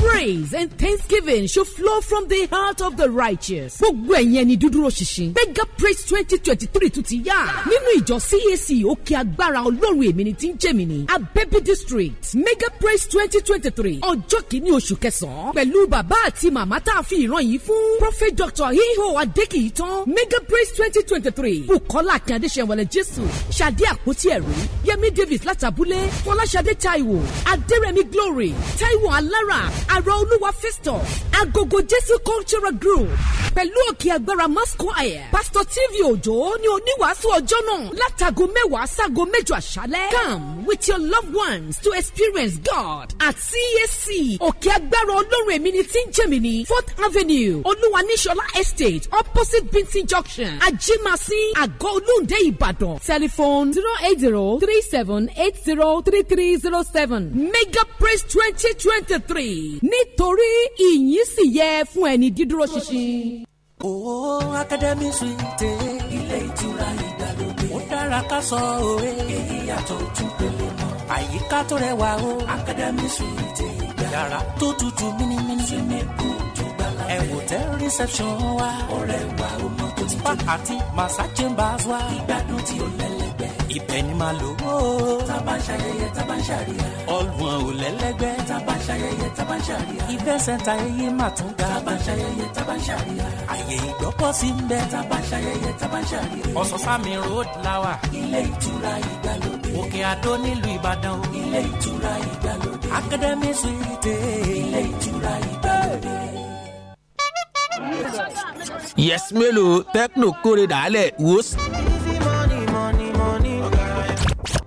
praise and thanksgiving should flow from the heart of the righteous. gbogbo ẹ̀yin ẹni dúdúró ṣinṣin mega praise twenty twenty three tún ti yá nínú ìjọ CAC òkè agbára ọlọ́run èmi ni ti ń jẹ́ mi ni Abẹ́bí district mega praise twenty twenty three ọjọ́ kìíní oṣù kẹsàn-án pẹ̀lú bàbá àti màmá tá a fi ìran yìí fún prophet Doctor iho adekiyi tán mega praise twenty twenty three bukola akande ṣẹ̀wọ̀lẹ̀ jésù ṣadé àpótí ẹ̀rú yẹmi davis látàbúlé fọláṣadé taiwo adérẹ̀mí glory taiwo alára àrò olúwa festus agogo jésù cultural group pẹ̀lú òkè agbára mass pastor tv òjò ní oníwàásù ọjọ́ náà látago mẹ́wàá ságo mẹ́jọ àṣálẹ́ come with your loved ones to experience god at cac òkè agbára olórun èmi ni tí ń jẹ́ mi ní fourth avenue olúwa níṣọlá estate opposite bintin junction ajimasi àgọ́ olóńdé ìbàdàn telephone zero eight zero three seven eight zero three three zero seven mega praise twenty twenty three nítorí ìyìn sì yẹ fún ẹni dídúró ṣinṣin. o Academy Suite ilé ìtura ìgbàlódé ó dára ká sọ òwe èyí yàtọ̀ ojú pele mọ́ àyíká tó rẹwà o Academy Suite ìgbà yàrá tó tutù mímímí. swimming pool tó gbàlà ẹ hotel reception wa ọ̀rẹ́ wa ó mọ tó ti tó spa àti massage chambers wa ìgbádùn tí ó lẹ́lẹ́gbẹ́ ibẹ̀ ni màá lò ó. tábà ń ṣayẹyẹ tábà ń ṣàríyá. ọlùwọ̀n ò lẹ́lẹ́gbẹ́. tábà ń ṣayẹyẹ tábà ń ṣàríyá. ìfẹ́ ẹyẹ mà tún ga. tábà ń ṣayẹyẹ tábà ń ṣàríyá. àyè ìgbọ́kọ̀sí ń bẹ. tábà ń ṣayẹyẹ tábà ń ṣàríyá. ọ̀sánsámi road lawa. ilé ìtura ìgbàlódé. òkè àdó nílùú ìbàdàn. ilé ìtura ìgbàlódé. academy suite. ilé ìtura ìgbàlódé yes mélòó tẹkno kórè dàálẹ̀ wòs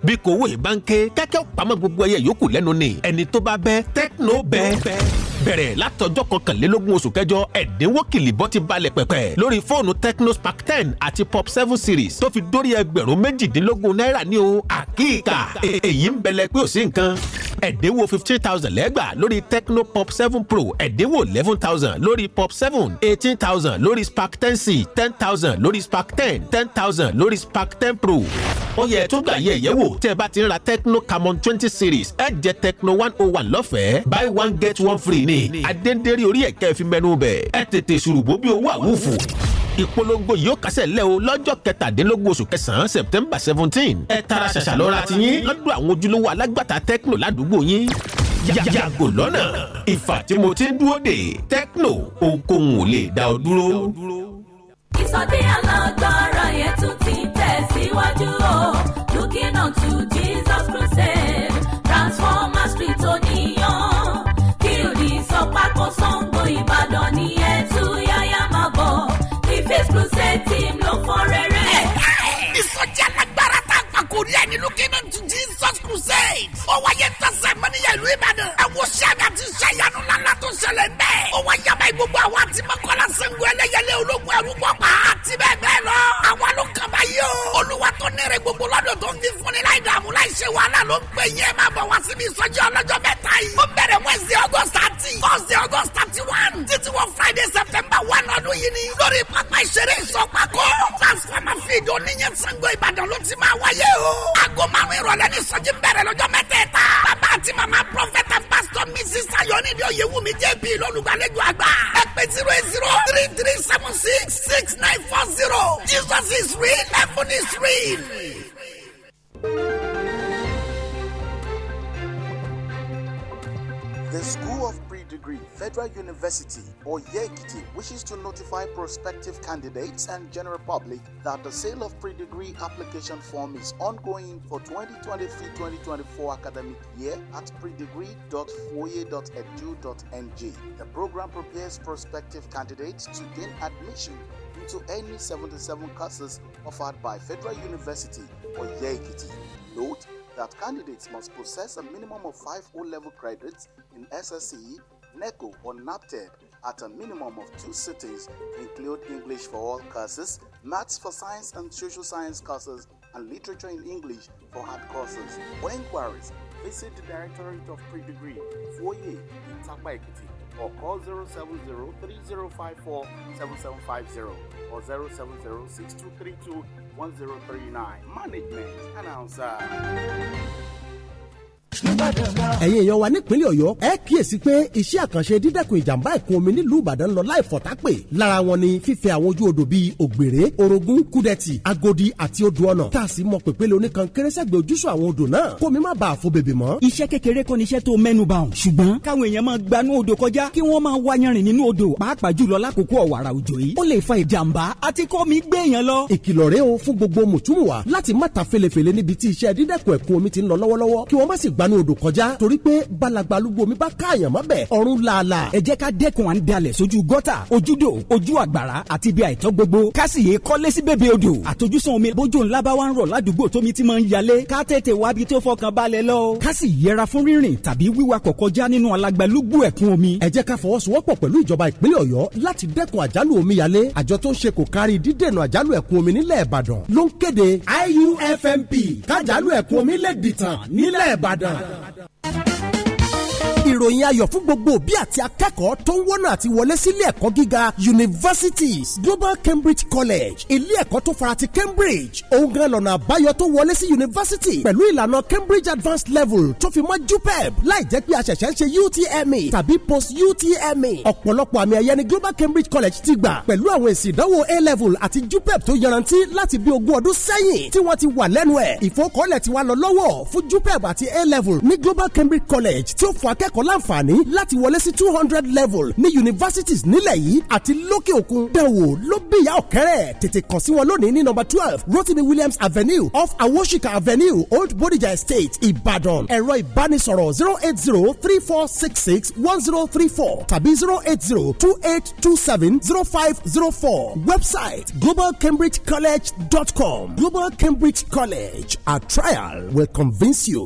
bí kòwé bá ń ké kẹ́kẹ́ pamọ́ gbogbo ẹyẹ yòókù lẹ́nu ni ẹni tó bá bẹ́ tẹ́kínó bẹ́ẹ̀ bẹ̀rẹ̀ látọjọ́ kọkànlélógún oṣù kẹjọ ẹ̀dínwó kìlìbọ́ ti balẹ̀ pẹ̀pẹ̀ lórí fóònù Tecno ten àti Pop seven series tó fi dórí ẹgbẹ̀rún méjìdínlógún náírà ní o àkíkà e, èyí ń bẹ̀lẹ̀ pé ò sí nǹkan ẹ̀dínwó fifteen thousand lẹ́gbà lórí Techno Pop seven Pro ẹ̀dínwó eleven thousand lórí Pop seven eighteen thousand lórí Spark ten c ten thousand lórí Spark ten ten thousand lórí Spark ten Pro ó yẹ tó gbà yẹ ìyẹ̀wò tẹ́ ẹ bá ti ń ra Tecno Camon twenty series ẹ jẹ́ Tecno one oh one lọ́fẹ̀ẹ́ buy one get one free ni ni adédèrè orí ẹ̀kẹ́ fi mẹ́nu bẹ̀ ẹ tètè ṣùrùbọ́ bí owó àwùfù ìpolongo yìí ó kásẹ̀ lẹ̀ o lọ́jọ́ kẹtàdínlógún oṣù kẹsàn-án september seventeen ẹ tara ṣàṣà lọ́ra ti yín lọ́dọ̀ àwọn ojúlówó alágbàtà tẹ́kínò ládùúgbò yín yàgò lọ́nà ìfà tí mo ti ń dúró dè tẹ́kínò ohunkóhun lè dá ọ dúró. ìsọdí alágbára yẹn tún ti tẹ̀síwájú o. crusade. ó wáyé tẹ̀sẹ̀ mẹ́niyà ìlú ìbàdàn. ẹ wo sẹ́ni àti sẹ́yanu lálá tó ṣẹlẹ̀ bẹ́ẹ̀. ó wá yaba gbogbo àwọn àti mọ́kànlá sango ẹlẹ́yẹlé ológun ẹ̀rú pọ̀pá àti bẹ́ẹ̀ bẹ́ẹ̀ lọ. àwọn ló kaba yìí o. olúwa tó ní rẹ gbogbo lọ́dọ̀ tó ń fi fúnni láì dààmú láì ṣe wàhálà ló ń pè yẹn máa bọ̀ wá síbi ìsọjí ọlọ́jọ́ mẹ́ta yìí. ó bẹ̀rẹ̀ wẹ́sì august thirty thursday august thirty one títí wọ friday september one ọdún yìí ni. lórí pápá ìṣeré ìsọpakọ́. transformer field oníyẹn sango ìbàdàn ló ti máa wáyé o. aago márùn-ún bẹ̀rẹ̀ lọ́jọ́ mẹ́tẹ̀ẹ̀ta. bàbá àti màmá prọfẹ̀tà pásítọ̀ jp lọ́lùgbàlejò àgbà. ẹ pè zero eight zero three three seven six six nine four zero jesus is real heaven is real. The School of Federal University or Yekiti wishes to notify prospective candidates and general public that the sale of pre-degree application form is ongoing for 2023-2024 academic year at predegree.foye.edu.ng. The program prepares prospective candidates to gain admission into any 77 courses offered by Federal University or Yekiti. Note that candidates must possess a minimum of 5 O-level credits in SSE. NECO, or NAPTEP at a minimum of two sittings include English for all courses, Maths for science and social science courses, and Literature in English for hard courses. For inquiries, visit the Directorate of Pre-Degree, Foyer, in Takba Ekiti, or call 070-3054-7750 or 070-6232-1039. Management Announcer. ẹ̀yin èèyàn wa nípínlẹ̀ ọ̀yọ́ ẹ kíyèsí pé iṣẹ́ àkànṣe dídẹ́kun ìjàmbá ìkún omi nílùú ìbàdàn lọ láì fọ̀tá pè lára wọn ni fífẹ́ àwọn ojú odò bíi ògbèrè orogún kúdẹ̀tì agodi àti odò ọ̀nà tá a sì mọ pèpele oníkan kérésẹ́gbẹ̀ ojúṣọ àwọn odò náà kó mi má bàa fo bèbè mọ́. iṣẹ́ kékeré kọ́ni iṣẹ́ tó mẹ́nu bà ọ́n ṣùgbọ́n káwọn èèyàn máa gbanú odò kọjá kí wọ́n máa wáyanrìn nínú odò o fún gbogbo mùtúmùwà láti má ta felefele níbi tí iṣẹ́ dídẹ́kun ẹ̀kún omi ti ń lọ lọ́wọ́lọ́wọ́ kí wọ́n gbanú odò kọjá torí pé balagba lúgbó mi bá káàyàn mọ́ bẹ̀ ọ̀run làálàá. ẹ jẹ́ ká dẹ́kun à ń dalẹ̀ sójú gọ́tà ojúdò ojú àgbàrá àti ibi àìtọ́ gbogbo kásìyè kọ́lé sí bèbè odò àtojúsùn omi bójú ńlá bá wà ń rọ̀ ládùúgbò tómi ti máa ń yalé ká tètè wá ibi tó fọkàn balẹ̀ lọ. kásì yẹra fún rírìn tàbí wíwakọ̀ kọjá nínú alagbalúgbú ẹ̀kún omi. ẹ jẹ́ ká fọwọ́sowọ́pọ̀ pẹ̀lú ìjọba ìpínlẹ̀ ọ̀yọ́ láti IUFMP kájálù ẹ̀kún omi lè dìtàn nílẹ̀ Adam. Adam. ìròyìn ayọ̀ fún gbogbo òbí àti akẹ́kọ̀ọ́ tó ń wọ́nà àti wọlé sílé ẹ̀kọ́ gíga universities Global Cambridge College ilé ẹ̀kọ́ tó fara ti Cambridge òun gan lọ́nà àbáyọ tó wọlé sí university pẹ̀lú ìlànà Cambridge Advanced Level tó fi mọ́ JUPEB láì jẹ́ pé a ṣẹ̀ṣẹ̀ ń ṣe UTME tàbí post UTME ọ̀pọ̀lọpọ̀ àmì ẹ̀yẹ ni Global Cambridge College ti gbà pẹ̀lú àwọn èsì ìdánwò A level àti JUPEB tó yarantí láti bí ogún ọdún sẹ́yìn tí wọ́n ti wà lẹ́nu ẹ̀ ìfowókọ́lẹ̀ ti wá lọ lọ́wọ́ fún JUPEB àti A level ní Global Cambridge College tí ó fún akẹ́kọ̀ọ́ akẹ́kọ̀ọ́ láǹfààní láti wọlé sí two hundred level ní universities nílẹ̀ yìí àti lókè òkun dẹ̀wò ló bí ìyá ọ̀kẹ́rẹ́ tètè kàn sí wọn lónìí ní number twelve Rotimi Williams Avenue off Awoshika Avenue Old Bodija Estate Ibadan. ẹ̀rọ ìbánisọ̀rọ̀ zero eight zero three four six six one zero three four tàbí zero eight zero two eight two seven zero five zero four website globalcambridgecollege.com Global Cambridge College a trial will convince you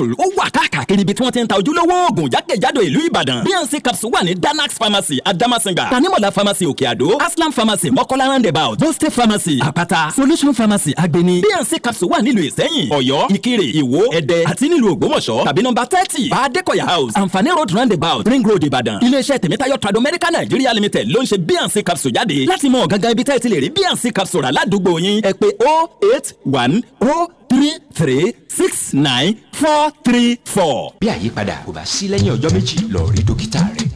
capsule ó wà káàkiri ibi tí wọ́n ti ń ta ojúlówó oògùn jákèjádò ìlú ìbàdàn bnc capsule wà ní danax pharmacy adamasinga tanimola pharmacy òkè àdó aslam pharmacy mọ́kọ́lá roundabout boste pharmacy àpáta solution pharmacy agbeni bnc capsule wà nílùú ìsẹ́yìn ọ̀yọ́ ìkirè ìwó ẹ̀dẹ́ àti nílùú ògbómọ̀ṣọ́ tàbí nọ́mbà thirty baadekoya house anfani road roundabout ring road ìbàdàn iléeṣẹ́ tèmítáyọ̀ tradomedica nigeria limited ló ń ṣe bnc capsule jáde láti mọ gangan ibi tẹ́ẹ̀ ti lè rí bnc capsule aládùúgbò yín ẹ pé 081 0 three three six nine four three four. bí àyípadà kò bá sí lẹ́yìn ọjọ́ méjì lọ rí dókítà rẹ.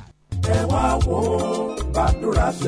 ẹ wá wo bàdúrà sí.